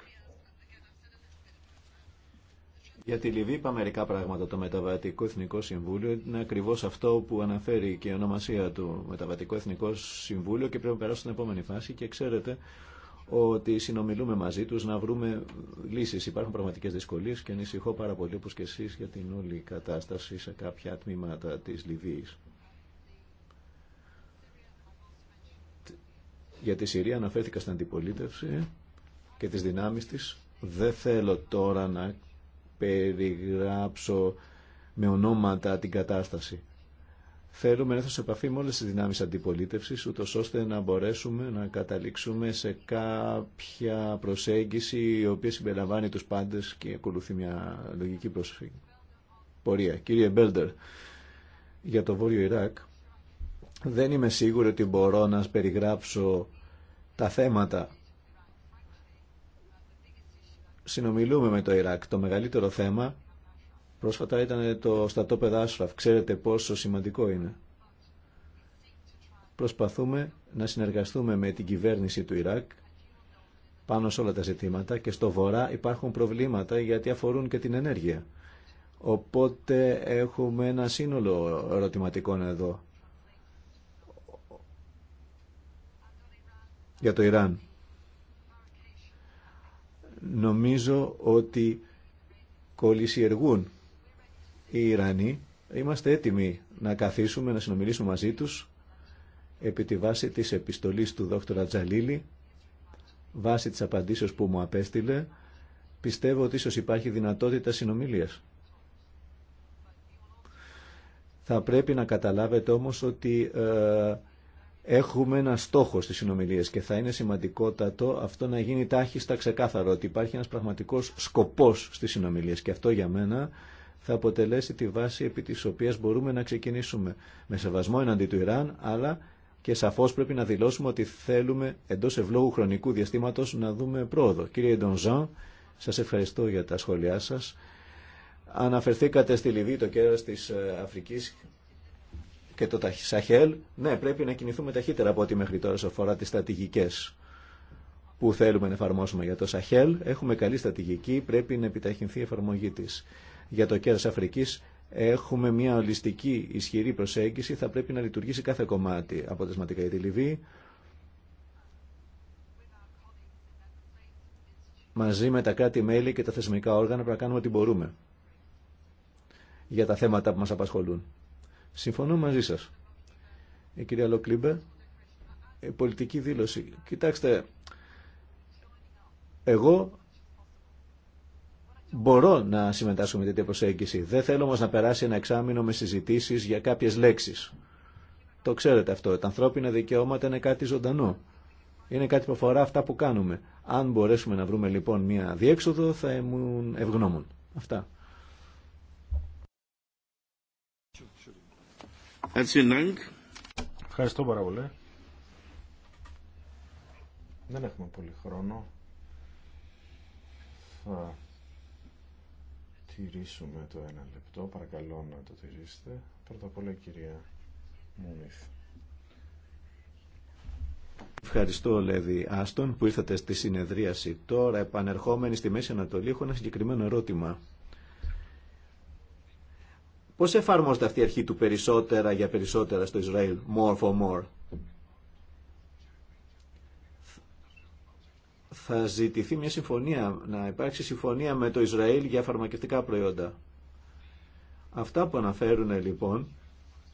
Για τη Λιβύη είπα μερικά πράγματα. Το Μεταβατικό Εθνικό Συμβούλιο είναι ακριβώ αυτό που αναφέρει και η ονομασία του Μεταβατικό Εθνικό Συμβούλιο και πρέπει να περάσουμε στην επόμενη φάση και ξέρετε ότι συνομιλούμε μαζί του να βρούμε λύσει, Υπάρχουν πραγματικέ δυσκολίε και ανησυχώ πάρα πολύ όπω και εσεί για την όλη κατάσταση σε κάποια τμήματα τη Λιβύη. Για τη Συρία αναφέρθηκα στην αντιπολίτευση και τις δυνάμεις της. Δεν θέλω τώρα να περιγράψω με ονόματα την κατάσταση. Θέλουμε να έρθω σε επαφή με όλες τις δυνάμεις αντιπολίτευσης, ούτως ώστε να μπορέσουμε να καταλήξουμε σε κάποια προσέγγιση η οποία συμπεριλαμβάνει τους πάντες και ακολουθεί μια λογική προσφυγή. Πορεία. Κύριε Μπέλντερ, για το Βόρειο Ιράκ, δεν είμαι σίγουρο ότι μπορώ να περιγράψω τα θέματα συνομιλούμε με το Ιράκ. Το μεγαλύτερο θέμα πρόσφατα ήταν το στατόπεδά Άσραφ. Ξέρετε πόσο σημαντικό είναι. Προσπαθούμε να συνεργαστούμε με την κυβέρνηση του Ιράκ πάνω σε όλα τα ζητήματα και στο βορρά υπάρχουν προβλήματα γιατί αφορούν και την ενέργεια. Οπότε έχουμε ένα σύνολο ερωτηματικών εδώ για το Ιράν νομίζω ότι κολλησιεργούν οι Ιρανοί. Είμαστε έτοιμοι να καθίσουμε, να συνομιλήσουμε μαζί τους επί τη βάση της επιστολής του δόκτωρα Τζαλίλη, βάση της απαντήσεως που μου απέστειλε, πιστεύω ότι ίσως υπάρχει δυνατότητα συνομιλίας. Θα πρέπει να καταλάβετε όμως ότι ε, έχουμε ένα στόχο στις συνομιλίες και θα είναι σημαντικότατο αυτό να γίνει τάχιστα ξεκάθαρο ότι υπάρχει ένας πραγματικός σκοπός στις συνομιλίες και αυτό για μένα θα αποτελέσει τη βάση επί της οποίας μπορούμε να ξεκινήσουμε με σεβασμό εναντί του Ιράν αλλά και σαφώς πρέπει να δηλώσουμε ότι θέλουμε εντός ευλόγου χρονικού διαστήματος να δούμε πρόοδο. Κύριε Ντονζάν, σας ευχαριστώ για τα σχόλιά σας. Αναφερθήκατε στη Λιβύη, το κέρας της ε, Αφρικής και το Σαχέλ, ναι, πρέπει να κινηθούμε ταχύτερα από ό,τι μέχρι τώρα σε αφορά τι στρατηγικέ που θέλουμε να εφαρμόσουμε για το Σαχέλ. Έχουμε καλή στρατηγική, πρέπει να επιταχυνθεί η εφαρμογή τη. Για το κέρα Αφρική έχουμε μια ολιστική ισχυρή προσέγγιση, θα πρέπει να λειτουργήσει κάθε κομμάτι αποτελεσματικά για τη Λιβύη. Μαζί με τα κράτη-μέλη και τα θεσμικά όργανα πρέπει να κάνουμε ό,τι μπορούμε για τα θέματα που μας απασχολούν. Συμφωνώ μαζί σας. Η κυρία Λοκλίμπε, πολιτική δήλωση. Κοιτάξτε, εγώ μπορώ να συμμετάσχω με τέτοια προσέγγιση. Δεν θέλω όμως να περάσει ένα εξάμεινο με συζητήσεις για κάποιες λέξεις. Το ξέρετε αυτό. Τα ανθρώπινα δικαιώματα είναι κάτι ζωντανό. Είναι κάτι που αφορά αυτά που κάνουμε. Αν μπορέσουμε να βρούμε λοιπόν μια διέξοδο θα ήμουν ευγνώμων. Αυτά. Ευχαριστώ πάρα πολύ. Δεν έχουμε πολύ χρόνο. Θα τηρήσουμε το ένα λεπτό. Παρακαλώ να το τηρήσετε. Πρώτα απ' όλα κυρία Μούνιθ. Ευχαριστώ, Λέδη Άστον, που ήρθατε στη συνεδρίαση. Τώρα, επανερχόμενοι στη Μέση Ανατολή, έχω ένα συγκεκριμένο ερώτημα. Πώς εφαρμόζεται αυτή η αρχή του περισσότερα για περισσότερα στο Ισραήλ, more for more. Θα ζητηθεί μια συμφωνία, να υπάρξει συμφωνία με το Ισραήλ για φαρμακευτικά προϊόντα. Αυτά που αναφέρουν λοιπόν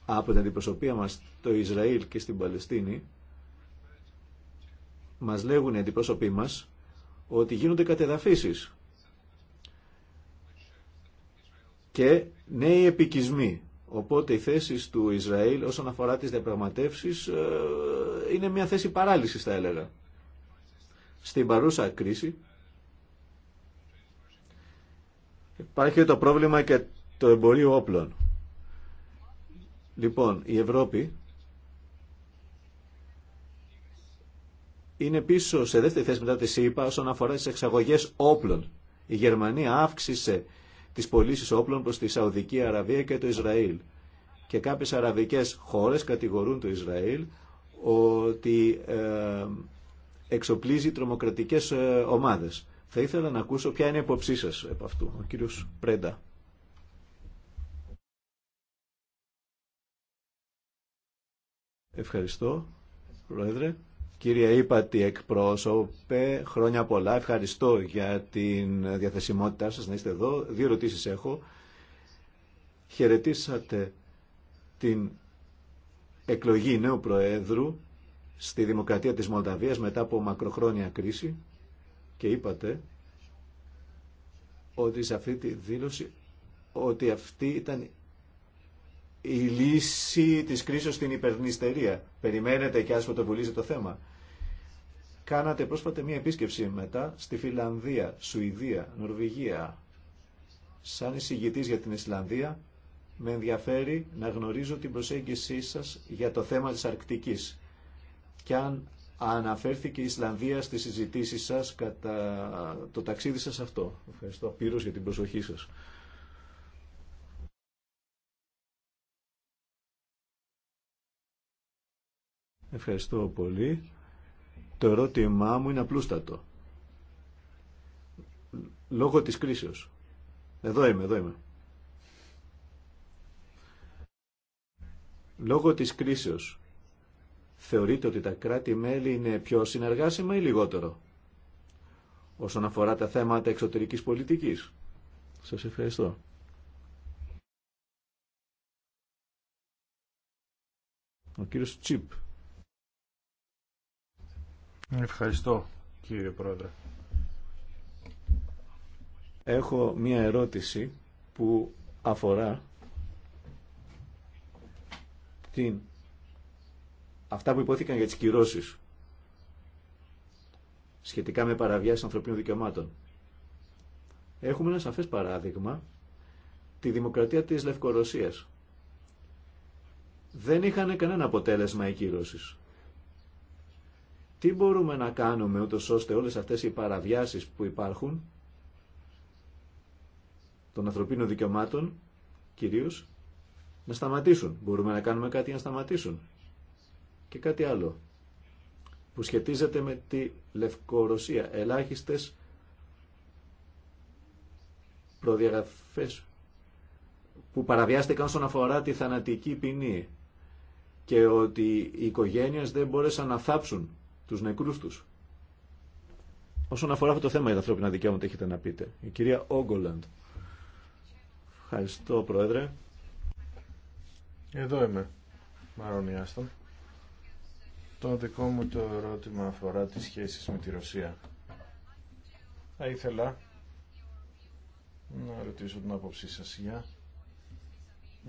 από την αντιπροσωπεία μας στο Ισραήλ και στην Παλαιστίνη, μας λέγουν οι αντιπρόσωποι μας ότι γίνονται κατεδαφίσεις και νέοι επικισμοί. Οπότε οι θέσει του Ισραήλ όσον αφορά τις διαπραγματεύσεις ε, είναι μια θέση παράλυσης θα έλεγα. Στην παρούσα κρίση υπάρχει το πρόβλημα και το εμπορίο όπλων. Λοιπόν, η Ευρώπη είναι πίσω σε δεύτερη θέση μετά τη ΣΥΠΑ όσον αφορά τις εξαγωγές όπλων. Η Γερμανία αύξησε τις πωλήσει όπλων προς τη Σαουδική Αραβία και το Ισραήλ. Και κάποιες αραβικές χώρες κατηγορούν το Ισραήλ ότι ε, εξοπλίζει τρομοκρατικές ε, ομάδες. Θα ήθελα να ακούσω ποια είναι η υποψή σας από αυτού, ο κύριος Πρέντα. Ευχαριστώ, Πρόεδρε. Κύριε Ήπατη εκπρόσωπε, χρόνια πολλά. Ευχαριστώ για την διαθεσιμότητά σας να είστε εδώ. Δύο ερωτήσεις έχω. Χαιρετήσατε την εκλογή νέου Προέδρου στη Δημοκρατία της Μολδαβίας μετά από μακροχρόνια κρίση και είπατε ότι σε αυτή τη δήλωση ότι αυτή ήταν η λύση της κρίσης στην υπερνηστερία. Περιμένετε και ας φωτοβουλίζει το θέμα. Κάνατε πρόσφατα μία επίσκεψη μετά στη Φιλανδία, Σουηδία, Νορβηγία. Σαν εισηγητής για την Ισλανδία, με ενδιαφέρει να γνωρίζω την προσέγγισή σας για το θέμα της Αρκτικής. Και αν αναφέρθηκε η Ισλανδία στις συζητήσεις σας κατά το ταξίδι σας αυτό. Ευχαριστώ πύρος για την προσοχή σας. Ευχαριστώ πολύ. Το ερώτημά μου είναι απλούστατο. Λόγω της κρίσεως. Εδώ είμαι, εδώ είμαι. Λόγω της κρίσεως, θεωρείτε ότι τα κράτη-μέλη είναι πιο συνεργάσιμα ή λιγότερο όσον αφορά τα θέματα εξωτερικής πολιτικής. Σας ευχαριστώ. Ο κύριος Τσίπ. Ευχαριστώ κύριε Πρόεδρε. Έχω μία ερώτηση που αφορά την... αυτά που υπόθηκαν για τις κυρώσεις σχετικά με παραβιάσεις ανθρωπίνων δικαιωμάτων. Έχουμε ένα σαφές παράδειγμα τη δημοκρατία της Λευκορωσίας. Δεν είχαν κανένα αποτέλεσμα οι κυρώσεις. Τι μπορούμε να κάνουμε ούτω ώστε όλες αυτές οι παραβιάσεις που υπάρχουν των ανθρωπίνων δικαιωμάτων κυρίως να σταματήσουν. Μπορούμε να κάνουμε κάτι να σταματήσουν. Και κάτι άλλο που σχετίζεται με τη Λευκορωσία. Ελάχιστες προδιαγραφές που παραβιάστηκαν όσον αφορά τη θανατική ποινή και ότι οι οικογένειες δεν μπόρεσαν να θάψουν τους νεκρούς του. Όσον αφορά αυτό το θέμα για τα ανθρώπινα δικαιώματα έχετε να πείτε. Η κυρία Όγκολαντ. Ευχαριστώ Πρόεδρε. Εδώ είμαι. Μαρονιάστον. Το δικό μου το ερώτημα αφορά τις σχέσεις με τη Ρωσία. Θα ήθελα να ρωτήσω την άποψή σας για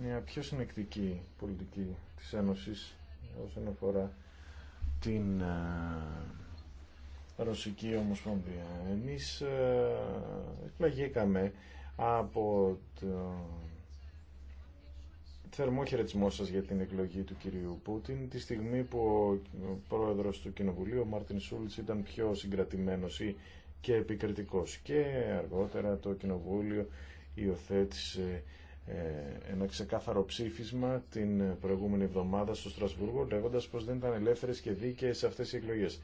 μια πιο συνεκτική πολιτική της Ένωσης όσον αφορά την ε, Ρωσική Ομοσπονδία. Εμείς ε, εκπλαγήκαμε από το θερμό χαιρετισμό σας για την εκλογή του κυρίου Πούτιν τη στιγμή που ο πρόεδρος του Κοινοβουλίου, ο Μάρτιν Σούλτς, ήταν πιο συγκρατημένος ή και επικριτικός και αργότερα το Κοινοβούλιο υιοθέτησε ε, ένα ξεκάθαρο ψήφισμα την προηγούμενη εβδομάδα στο Στρασβούργο λέγοντας πως δεν ήταν ελεύθερες και δίκαιες αυτές οι εκλογές.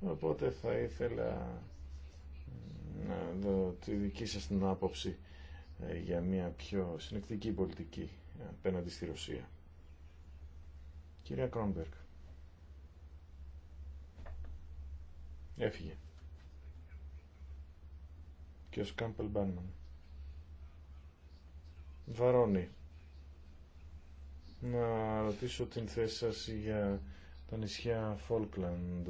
Οπότε θα ήθελα ε, να δω τη δική σας την άποψη ε, για μια πιο συνεκτική πολιτική απέναντι στη Ρωσία. Κυρία Κρόνμπερκ. Έφυγε. Και ο Σκάμπελ Μπάνμαν. Βαρώνη. Να ρωτήσω την θέση σας για τα νησιά Φόλκλαντ.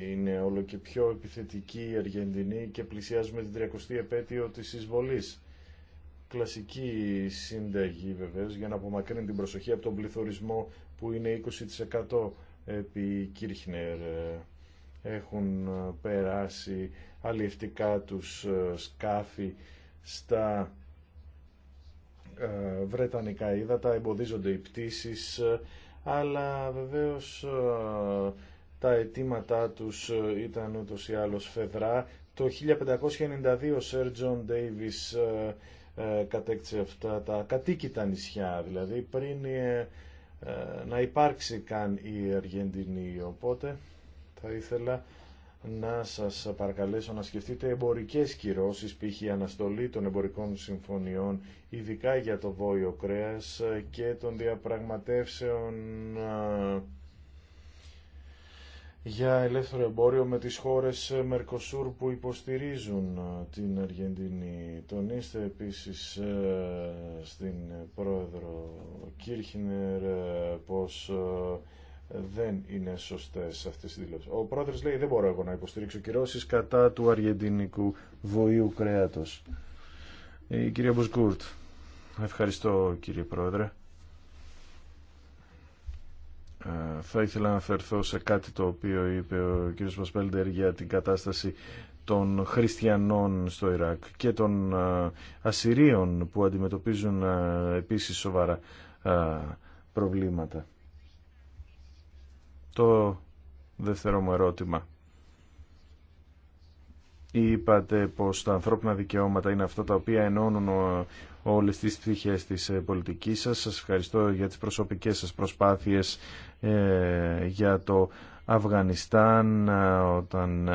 Είναι όλο και πιο επιθετική η Αργεντινή και πλησιάζουμε την 30η επέτειο της εισβολής. Κλασική συνταγή βεβαίως για να απομακρύνει την προσοχή από τον πληθωρισμό που είναι 20% επί Κίρχνερ. Έχουν περάσει αλληλευτικά τους ε, σκάφη στα ε, βρετανικά ύδατα, εμποδίζονται οι πτήσεις, ε, αλλά βεβαίως ε, τα αιτήματά τους ήταν ούτως ή άλλως φεδρά. Το 1592 ο Σερ Τζον Ντέιβις κατέκτησε αυτά τα κατοίκητα νησιά, δηλαδή πριν να υπάρξει καν η Αργεντινή. Οπότε θα ήθελα να σας παρακαλέσω να σκεφτείτε εμπορικές κυρώσεις, π.χ. αναστολή των εμπορικών συμφωνιών, ειδικά για το βόλιο κρέας και των διαπραγματεύσεων για ελεύθερο εμπόριο με τις χώρες Μερκοσούρ που υποστηρίζουν την Αργεντινή. Τονίστε επίσης στην πρόεδρο Κίρχινερ ε, πως δεν είναι σωστές αυτές οι δηλώσει. Ο πρόεδρος λέει δεν μπορώ εγώ να υποστηρίξω κυρώσει κατά του αργεντινικού βοήου κρέατος. Ε, η κυρία Μποσκούρτ. Ευχαριστώ κύριε πρόεδρε. Ε, θα ήθελα να αφαιρθώ σε κάτι το οποίο είπε ο κύριος Μασπέλντερ για την κατάσταση των χριστιανών στο Ιράκ και των ε, ασυρίων που αντιμετωπίζουν επίσης σοβαρά προβλήματα το δεύτερο μου ερώτημα. Είπατε πως τα ανθρώπινα δικαιώματα είναι αυτά τα οποία ενώνουν όλες τις πτυχές της ε, πολιτικής σας. Σας ευχαριστώ για τις προσωπικές σας προσπάθειες ε, για το Αφγανιστάν ε, όταν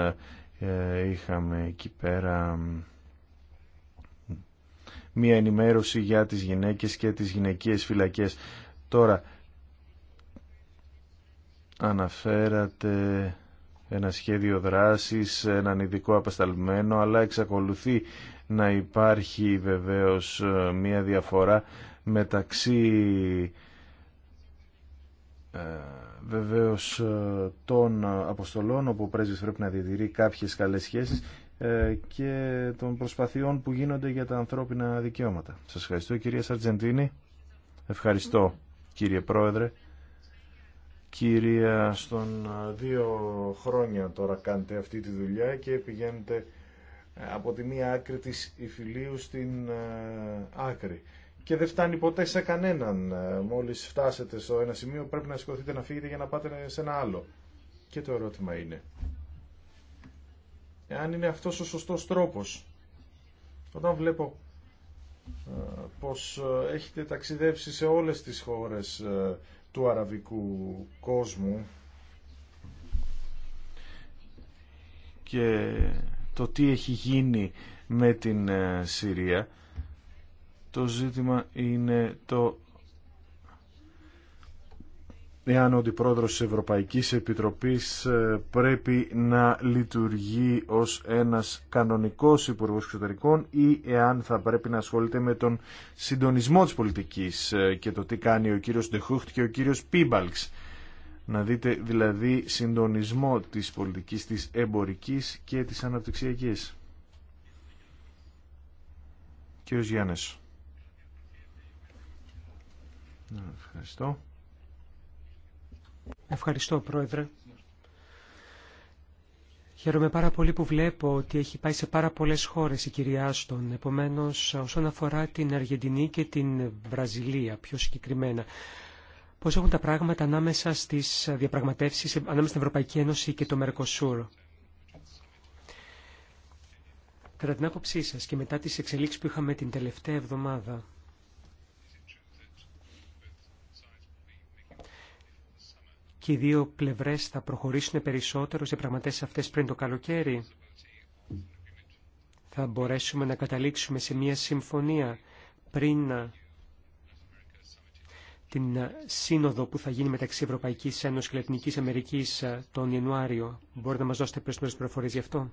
είχαμε εκεί πέρα μία ενημέρωση για τις γυναίκες και τις γυναικείες φυλακές. Τώρα, Αναφέρατε ένα σχέδιο δράσης, έναν ειδικό απεσταλμένο, αλλά εξακολουθεί να υπάρχει βεβαίως ε, μία διαφορά μεταξύ ε, βεβαίως ε, των αποστολών όπου ο πρέσβης πρέπει να διατηρεί κάποιες καλές σχέσεις και των προσπαθειών που γίνονται για τα ανθρώπινα δικαιώματα. Σας ευχαριστώ κυρία Σαρτζεντίνη. Ευχαριστώ κύριε Πρόεδρε κυρία στον δύο χρόνια τώρα κάνετε αυτή τη δουλειά και πηγαίνετε ε, από τη μία άκρη της Ιφιλίου στην άκρη. Και δεν φτάνει ποτέ σε κανέναν. Ε, μόλις φτάσετε στο ένα σημείο πρέπει να σηκωθείτε να φύγετε για να πάτε σε ένα άλλο. Και το ερώτημα είναι, Εάν είναι αυτός ο σωστός τρόπος, όταν βλέπω ε, πως έχετε ταξιδέψει σε όλες τις χώρες του αραβικού κόσμου και το τι έχει γίνει με την ε, Συρία το ζήτημα είναι το εάν ο αντιπρόεδρος της Ευρωπαϊκής Επιτροπής ε, πρέπει να λειτουργεί ως ένας κανονικός υπουργό εξωτερικών ή εάν θα πρέπει να ασχολείται με τον συντονισμό της πολιτικής ε, και το τι κάνει ο κύριος Ντεχούχτ και ο κύριος Πίμπαλξ. Να δείτε δηλαδή συντονισμό της πολιτικής της εμπορικής και της αναπτυξιακής. Κύριος Γιάννης. Ευχαριστώ. Ευχαριστώ, Πρόεδρε. Χαίρομαι πάρα πολύ που βλέπω ότι έχει πάει σε πάρα πολλές χώρες η κυρία Άστον. Επομένως, όσον αφορά την Αργεντινή και την Βραζιλία, πιο συγκεκριμένα, πώς έχουν τα πράγματα ανάμεσα στις διαπραγματεύσεις ανάμεσα στην Ευρωπαϊκή Ένωση και το Μερκοσούρ. Κατά την άποψή σας και μετά τις εξελίξεις που είχαμε την τελευταία εβδομάδα, και οι δύο πλευρές θα προχωρήσουν περισσότερο σε πραγματές αυτές πριν το καλοκαίρι. Θα μπορέσουμε να καταλήξουμε σε μια συμφωνία πριν την σύνοδο που θα γίνει μεταξύ Ευρωπαϊκής Ένωσης και Λατινικής Αμερικής τον Ιανουάριο. Μπορείτε να μας δώσετε περισσότερες πληροφορίες γι' αυτό.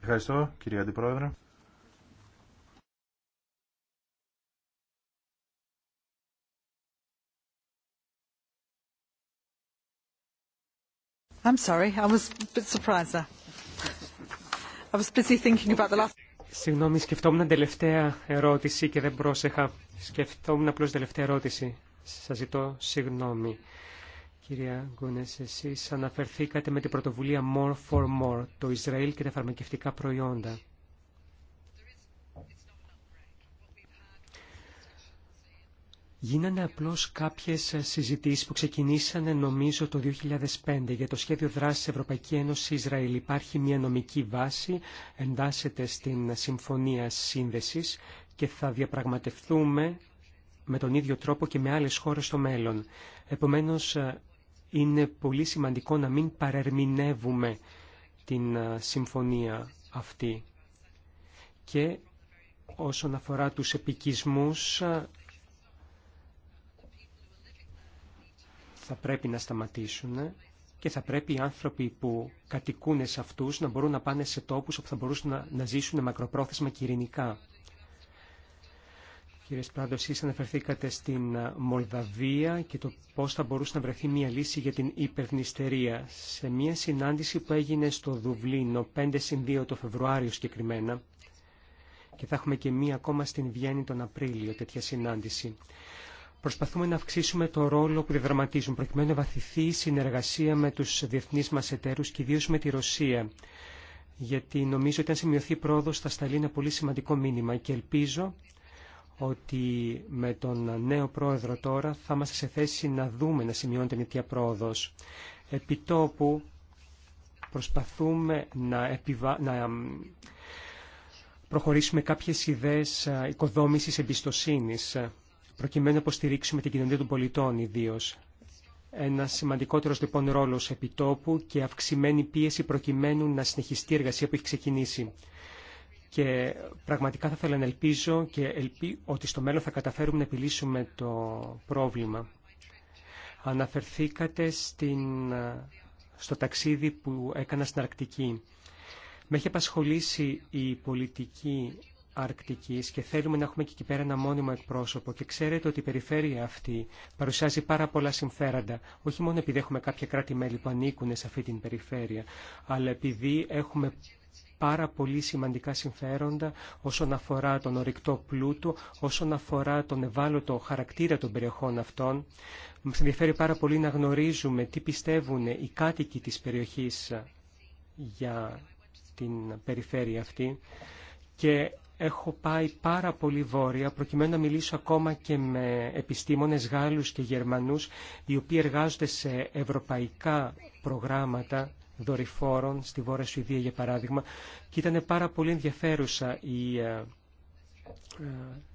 Ευχαριστώ, κύριε Αντιπρόεδρε. Συγγνώμη, σκεφτόμουν τελευταία ερώτηση και δεν πρόσεχα. Σκεφτόμουν απλώς τελευταία ερώτηση. Σας ζητώ συγγνώμη. Κυρία Γκούνες, εσείς αναφερθήκατε με την πρωτοβουλία More for More, το Ισραήλ και τα φαρμακευτικά προϊόντα. Γίνανε απλώς κάποιες συζητήσεις που ξεκινήσανε νομίζω το 2005 για το σχέδιο δράσης Ευρωπαϊκή Ένωση Ισραήλ. Υπάρχει μια νομική βάση, εντάσσεται στην Συμφωνία Σύνδεσης και θα διαπραγματευτούμε με τον ίδιο τρόπο και με άλλες χώρες στο μέλλον. Επομένως, είναι πολύ σημαντικό να μην παρερμηνεύουμε την συμφωνία αυτή. Και όσον αφορά τους επικισμούς, θα πρέπει να σταματήσουν και θα πρέπει οι άνθρωποι που κατοικούν σε αυτούς να μπορούν να πάνε σε τόπους όπου θα μπορούσαν να, να ζήσουν μακροπρόθεσμα και ειρηνικά. Κύριε Σπράντο, εσείς αναφερθήκατε στην Μολδαβία και το πώς θα μπορούσε να βρεθεί μια λύση για την υπερνηστερία. Σε μια συνάντηση που έγινε στο Δουβλίνο 5 συν 2 το Φεβρουάριο συγκεκριμένα και θα έχουμε και μία ακόμα στην Βιέννη τον Απρίλιο τέτοια συνάντηση προσπαθούμε να αυξήσουμε το ρόλο που διαδραματίζουν προκειμένου να βαθυθεί η συνεργασία με τους διεθνείς μας εταίρους και ιδίως με τη Ρωσία. Γιατί νομίζω ότι αν σημειωθεί πρόοδος θα σταλεί ένα πολύ σημαντικό μήνυμα και ελπίζω ότι με τον νέο πρόεδρο τώρα θα είμαστε σε θέση να δούμε να σημειώνεται μια πρόοδος. Επιτόπου προσπαθούμε να, να προχωρήσουμε κάποιες ιδέες οικοδόμησης εμπιστοσύνης προκειμένου να υποστηρίξουμε την κοινωνία των πολιτών ιδίω. Ένα σημαντικότερο λοιπόν ρόλο επιτόπου και αυξημένη πίεση προκειμένου να συνεχιστεί η εργασία που έχει ξεκινήσει. Και πραγματικά θα ήθελα να ελπίζω και ελπί... ότι στο μέλλον θα καταφέρουμε να επιλύσουμε το πρόβλημα. Αναφερθήκατε στην... στο ταξίδι που έκανα στην Αρκτική. Με έχει απασχολήσει η πολιτική Αρκτικής και θέλουμε να έχουμε και εκεί πέρα ένα μόνιμο εκπρόσωπο και ξέρετε ότι η περιφέρεια αυτή παρουσιάζει πάρα πολλά συμφέροντα, όχι μόνο επειδή έχουμε κάποια κράτη-μέλη που ανήκουν σε αυτή την περιφέρεια, αλλά επειδή έχουμε πάρα πολύ σημαντικά συμφέροντα όσον αφορά τον ορυκτό πλούτο, όσον αφορά τον ευάλωτο χαρακτήρα των περιοχών αυτών. Μας ενδιαφέρει πάρα πολύ να γνωρίζουμε τι πιστεύουν οι κάτοικοι της περιοχής για την περιφέρεια αυτή και έχω πάει πάρα πολύ βόρεια προκειμένου να μιλήσω ακόμα και με επιστήμονες Γάλλους και Γερμανούς οι οποίοι εργάζονται σε ευρωπαϊκά προγράμματα δορυφόρων στη Βόρεια Σουηδία για παράδειγμα και ήταν πάρα πολύ ενδιαφέρουσα η, ε, ε,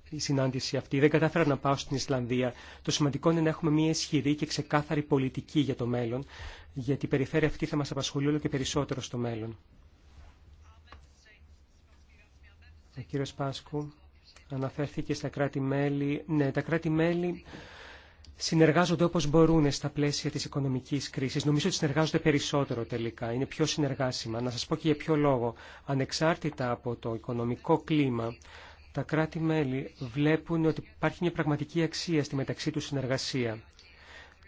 η συνάντηση αυτή. Δεν κατάφερα να πάω στην Ισλανδία. Το σημαντικό είναι να έχουμε μια ισχυρή και ξεκάθαρη πολιτική για το μέλλον γιατί η περιφέρεια αυτή θα μας απασχολεί όλο και περισσότερο στο μέλλον. Ε, κύριος Πάσκου, αναφέρθηκε στα κράτη-μέλη. Ναι, τα κράτη-μέλη συνεργάζονται όπως μπορούν στα πλαίσια της οικονομικής κρίσης. Νομίζω ότι συνεργάζονται περισσότερο τελικά, είναι πιο συνεργάσιμα. Να σας πω και για ποιο λόγο. Ανεξάρτητα από το οικονομικό κλίμα, τα κράτη-μέλη βλέπουν ότι υπάρχει μια πραγματική αξία στη μεταξύ του συνεργασία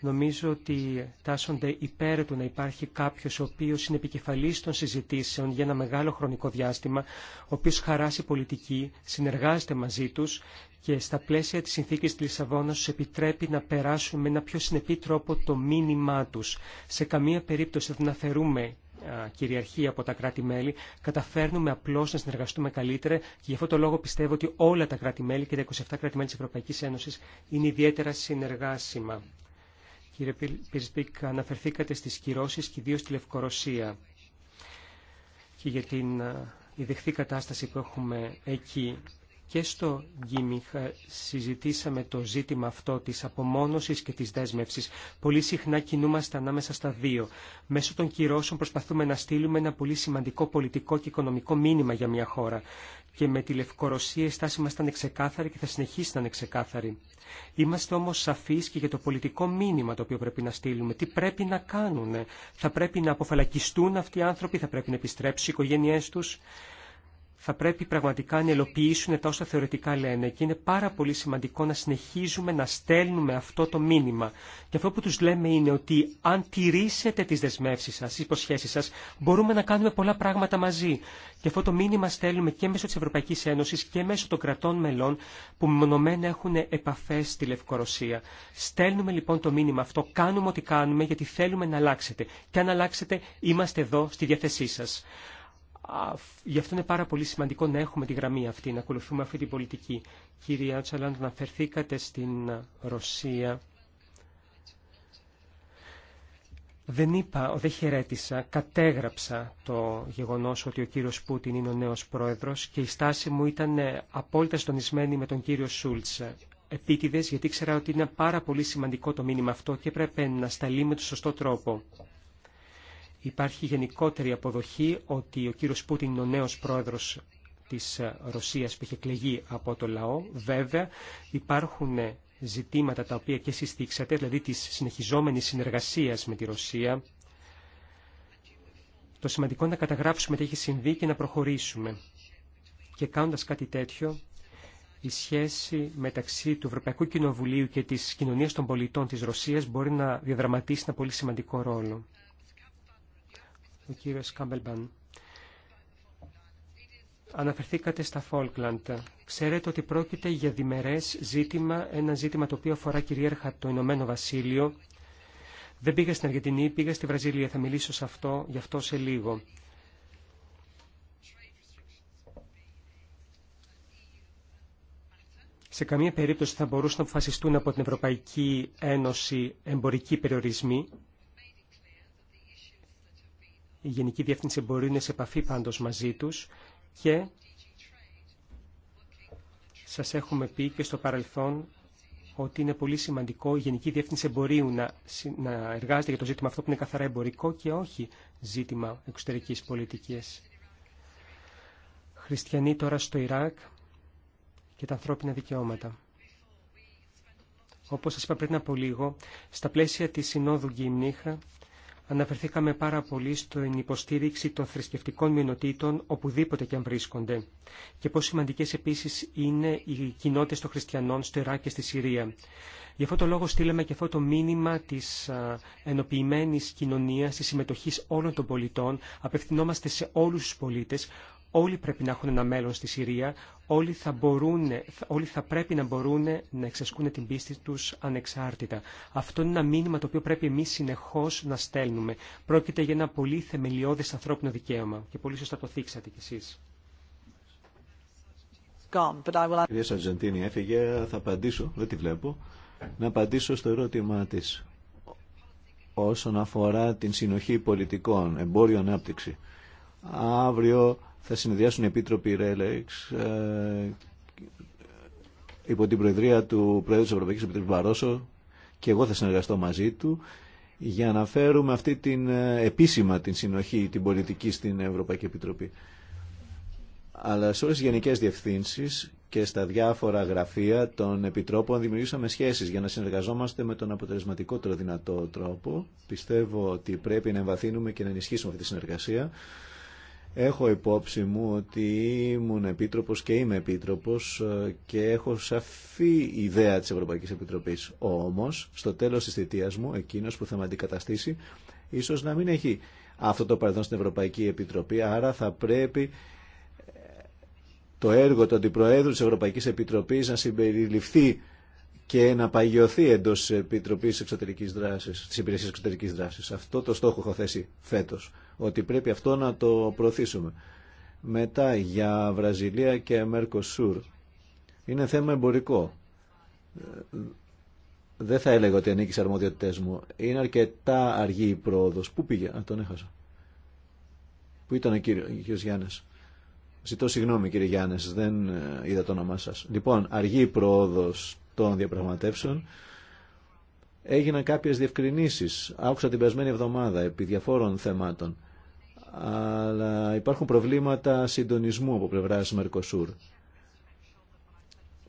νομίζω ότι τάσσονται υπέρ του να υπάρχει κάποιος ο οποίος είναι επικεφαλής των συζητήσεων για ένα μεγάλο χρονικό διάστημα, ο οποίος χαράσει πολιτική, συνεργάζεται μαζί τους και στα πλαίσια της συνθήκης της Λισαβόνας τους επιτρέπει να περάσουν με ένα πιο συνεπή τρόπο το μήνυμά τους. Σε καμία περίπτωση δεν αφαιρούμε κυριαρχία από τα κράτη-μέλη, καταφέρνουμε απλώ να συνεργαστούμε καλύτερα και γι' αυτό το λόγο πιστεύω ότι όλα τα κράτη-μέλη και τα 27 κράτη-μέλη τη Ευρωπαϊκή Ένωση είναι ιδιαίτερα συνεργάσιμα. Κύριε Πυρσπίκ, αναφερθήκατε στις κυρώσεις και ιδίως στη Λευκορωσία και για την ε, η κατάσταση που έχουμε εκεί και στο Γκίμιχα συζητήσαμε το ζήτημα αυτό της απομόνωσης και της δέσμευσης. Πολύ συχνά κινούμαστε ανάμεσα στα δύο. Μέσω των κυρώσεων προσπαθούμε να στείλουμε ένα πολύ σημαντικό πολιτικό και οικονομικό μήνυμα για μια χώρα. Και με τη Λευκορωσία η στάση μας ήταν ξεκάθαρη και θα συνεχίσει να είναι ξεκάθαρη. Είμαστε όμως σαφείς και για το πολιτικό μήνυμα το οποίο πρέπει να στείλουμε. Τι πρέπει να κάνουν. Θα πρέπει να αποφαλακιστούν αυτοί οι άνθρωποι, θα πρέπει να επιστρέψουν οι οικογένειές τους θα πρέπει πραγματικά να ελοποιήσουν τα όσα θεωρητικά λένε και είναι πάρα πολύ σημαντικό να συνεχίζουμε να στέλνουμε αυτό το μήνυμα. Και αυτό που τους λέμε είναι ότι αν τηρήσετε τις δεσμεύσεις σας, τις υποσχέσεις σας, μπορούμε να κάνουμε πολλά πράγματα μαζί. Και αυτό το μήνυμα στέλνουμε και μέσω της Ευρωπαϊκή Ένωση και μέσω των κρατών μελών που μονομένα έχουν επαφές στη Λευκορωσία. Στέλνουμε λοιπόν το μήνυμα αυτό, κάνουμε ό,τι κάνουμε γιατί θέλουμε να αλλάξετε. Και αν αλλάξετε είμαστε εδώ στη διάθεσή σας. Γι' αυτό είναι πάρα πολύ σημαντικό να έχουμε τη γραμμή αυτή, να ακολουθούμε αυτή την πολιτική. Κύριε Άτσαλαντ, αναφερθήκατε στην Ρωσία. Δεν είπα, δεν χαιρέτησα, κατέγραψα το γεγονός ότι ο κύριος Πούτιν είναι ο νέος πρόεδρος και η στάση μου ήταν απόλυτα στονισμένη με τον κύριο Σούλτς. Επίτηδες, γιατί ξέρα ότι είναι πάρα πολύ σημαντικό το μήνυμα αυτό και έπρεπε να σταλεί με τον σωστό τρόπο υπάρχει γενικότερη αποδοχή ότι ο κύριος Πούτιν είναι ο νέος πρόεδρος της Ρωσίας που είχε κλεγεί από το λαό. Βέβαια υπάρχουν ζητήματα τα οποία και εσείς δηλαδή της συνεχιζόμενης συνεργασίας με τη Ρωσία. Το σημαντικό είναι να καταγράψουμε τι έχει συμβεί και να προχωρήσουμε. Και κάνοντας κάτι τέτοιο, η σχέση μεταξύ του Ευρωπαϊκού Κοινοβουλίου και της κοινωνίας των πολιτών της Ρωσίας μπορεί να διαδραματίσει ένα πολύ σημαντικό ρόλο ο κύριος Κάμπελμπαν. Αναφερθήκατε στα Φόλκλαντ. Ξέρετε ότι πρόκειται για διμερές ζήτημα, ένα ζήτημα το οποίο αφορά κυρίαρχα το Ηνωμένο Βασίλειο. Δεν πήγα στην Αργεντινή, πήγα στη Βραζιλία. Θα μιλήσω σε αυτό, γι' αυτό σε λίγο. Σε καμία περίπτωση θα μπορούσαν να αποφασιστούν από την Ευρωπαϊκή Ένωση εμπορικοί περιορισμοί η Γενική Διεύθυνση μπορεί να είναι σε επαφή πάντως μαζί τους και σας έχουμε πει και στο παρελθόν ότι είναι πολύ σημαντικό η Γενική Διεύθυνση Εμπορίου να, να εργάζεται για το ζήτημα αυτό που είναι καθαρά εμπορικό και όχι ζήτημα εξωτερικής πολιτικής. Χριστιανοί τώρα στο Ιράκ και τα ανθρώπινα δικαιώματα. Όπως σας είπα πριν από λίγο, στα πλαίσια της Συνόδου Γκυμνίχα αναφερθήκαμε πάρα πολύ στην υποστήριξη των θρησκευτικών μειονοτήτων οπουδήποτε και αν βρίσκονται και πόσο σημαντικές επίσης είναι οι κοινότητε των χριστιανών στο Ιράκ και στη Συρία. Γι' αυτό το λόγο στείλαμε και αυτό το μήνυμα της ενοποιημένης κοινωνίας, τη συμμετοχής όλων των πολιτών. Απευθυνόμαστε σε όλου του πολίτε. Όλοι πρέπει να έχουν ένα μέλλον στη Συρία, όλοι θα, μπορούν, όλοι θα πρέπει να μπορούν να εξασκούν την πίστη τους ανεξάρτητα. Αυτό είναι ένα μήνυμα το οποίο πρέπει εμείς συνεχώς να στέλνουμε. Πρόκειται για ένα πολύ θεμελιώδες ανθρώπινο δικαίωμα και πολύ σωστά το θίξατε κι εσείς. Κυρία Σαρτζεντίνη έφυγε, θα απαντήσω, δεν τη βλέπω, να απαντήσω στο ερώτημά της όσον αφορά την συνοχή πολιτικών, εμπόριο ανάπτυξη. Αύριο θα συνδυάσουν οι επίτροποι Ρέλεξ ε, υπό την προεδρία του Πρόεδρου της Ευρωπαϊκής Επιτροπής Βαρόσο και εγώ θα συνεργαστώ μαζί του για να φέρουμε αυτή την ε, επίσημα την συνοχή, την πολιτική στην Ευρωπαϊκή Επιτροπή. Αλλά σε όλες τις γενικές διευθύνσεις και στα διάφορα γραφεία των Επιτρόπων δημιουργήσαμε σχέσεις για να συνεργαζόμαστε με τον αποτελεσματικότερο δυνατό τρόπο. Πιστεύω ότι πρέπει να εμβαθύνουμε και να ενισχύσουμε αυτή τη συνεργασία. Έχω υπόψη μου ότι ήμουν επίτροπος και είμαι επίτροπος ε, και έχω σαφή ιδέα της Ευρωπαϊκής Επιτροπής. Όμως, στο τέλος της θητείας μου, εκείνος που θα με αντικαταστήσει, ίσως να μην έχει αυτό το παρελθόν στην Ευρωπαϊκή Επιτροπή, άρα θα πρέπει ε, το έργο του Αντιπροέδρου της Ευρωπαϊκής Επιτροπής να συμπεριληφθεί και να παγιωθεί εντό Επιτροπή Εξωτερική Δράση, τη Υπηρεσία Εξωτερική Δράση. Αυτό το στόχο έχω θέσει φέτο. Ότι πρέπει αυτό να το προωθήσουμε. Μετά για Βραζιλία και Μερκοσούρ. Είναι θέμα εμπορικό. Δεν θα έλεγα ότι ανήκει σε αρμοδιότητέ μου. Είναι αρκετά αργή η πρόοδο. Πού πήγε, Α, τον έχασα. Πού ήταν ο κύριο Γιάννη. Ζητώ συγγνώμη κύριε Γιάννη, δεν ε, είδα το όνομά σα. Λοιπόν, αργή η πρόοδο των διαπραγματεύσεων έγιναν κάποιες διευκρινήσεις. Άκουσα την περασμένη εβδομάδα επί διαφόρων θεμάτων. Αλλά υπάρχουν προβλήματα συντονισμού από πλευράς Μερκοσούρ.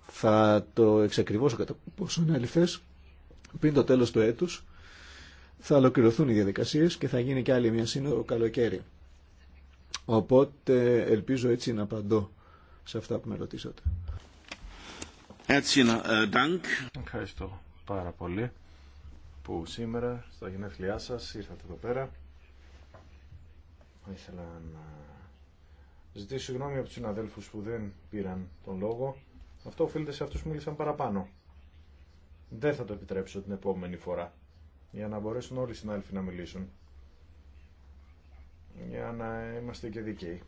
Θα το εξακριβώσω κατά πόσο είναι αληθές. Πριν το τέλος του έτους θα ολοκληρωθούν οι διαδικασίες και θα γίνει και άλλη μια σύνοδο καλοκαίρι. Οπότε ελπίζω έτσι να απαντώ σε αυτά που με ρωτήσατε. Äh, Ευχαριστώ πάρα πολύ που σήμερα στα γενέθλιά σας ήρθατε εδώ πέρα. Ήθελα να ζητήσω συγγνώμη από τους συναδέλφους που δεν πήραν τον λόγο. Αυτό οφείλεται σε αυτούς που μίλησαν παραπάνω. Δεν θα το επιτρέψω την επόμενη φορά για να μπορέσουν όλοι οι συνάδελφοι να μιλήσουν. Για να είμαστε και δικαίοι.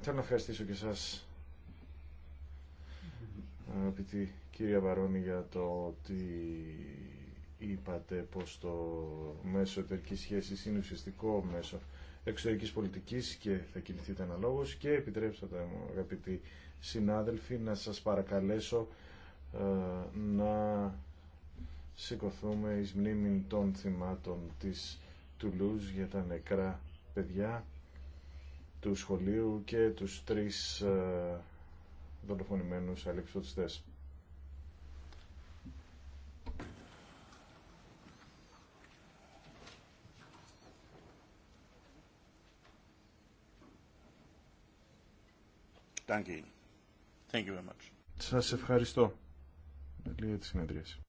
Θέλω να ευχαριστήσω και σας αγαπητή κυρία Βαρόνη για το ότι είπατε πως το μέσο εταιρικής σχέσης είναι ουσιαστικό μέσο εξωτερικής πολιτικής και θα κινηθείτε αναλόγως και επιτρέψτε μου αγαπητοί συνάδελφοι να σας παρακαλέσω ε, να σηκωθούμε εις μνήμη των θυμάτων της τουλούς για τα νεκρά παιδιά του σχολείου και τους τρεις ε, δολοφονημένους αλεξιωτιστές. Thank you. Thank you very much. Σας ευχαριστώ. Λίγα τη συνεδρίαση.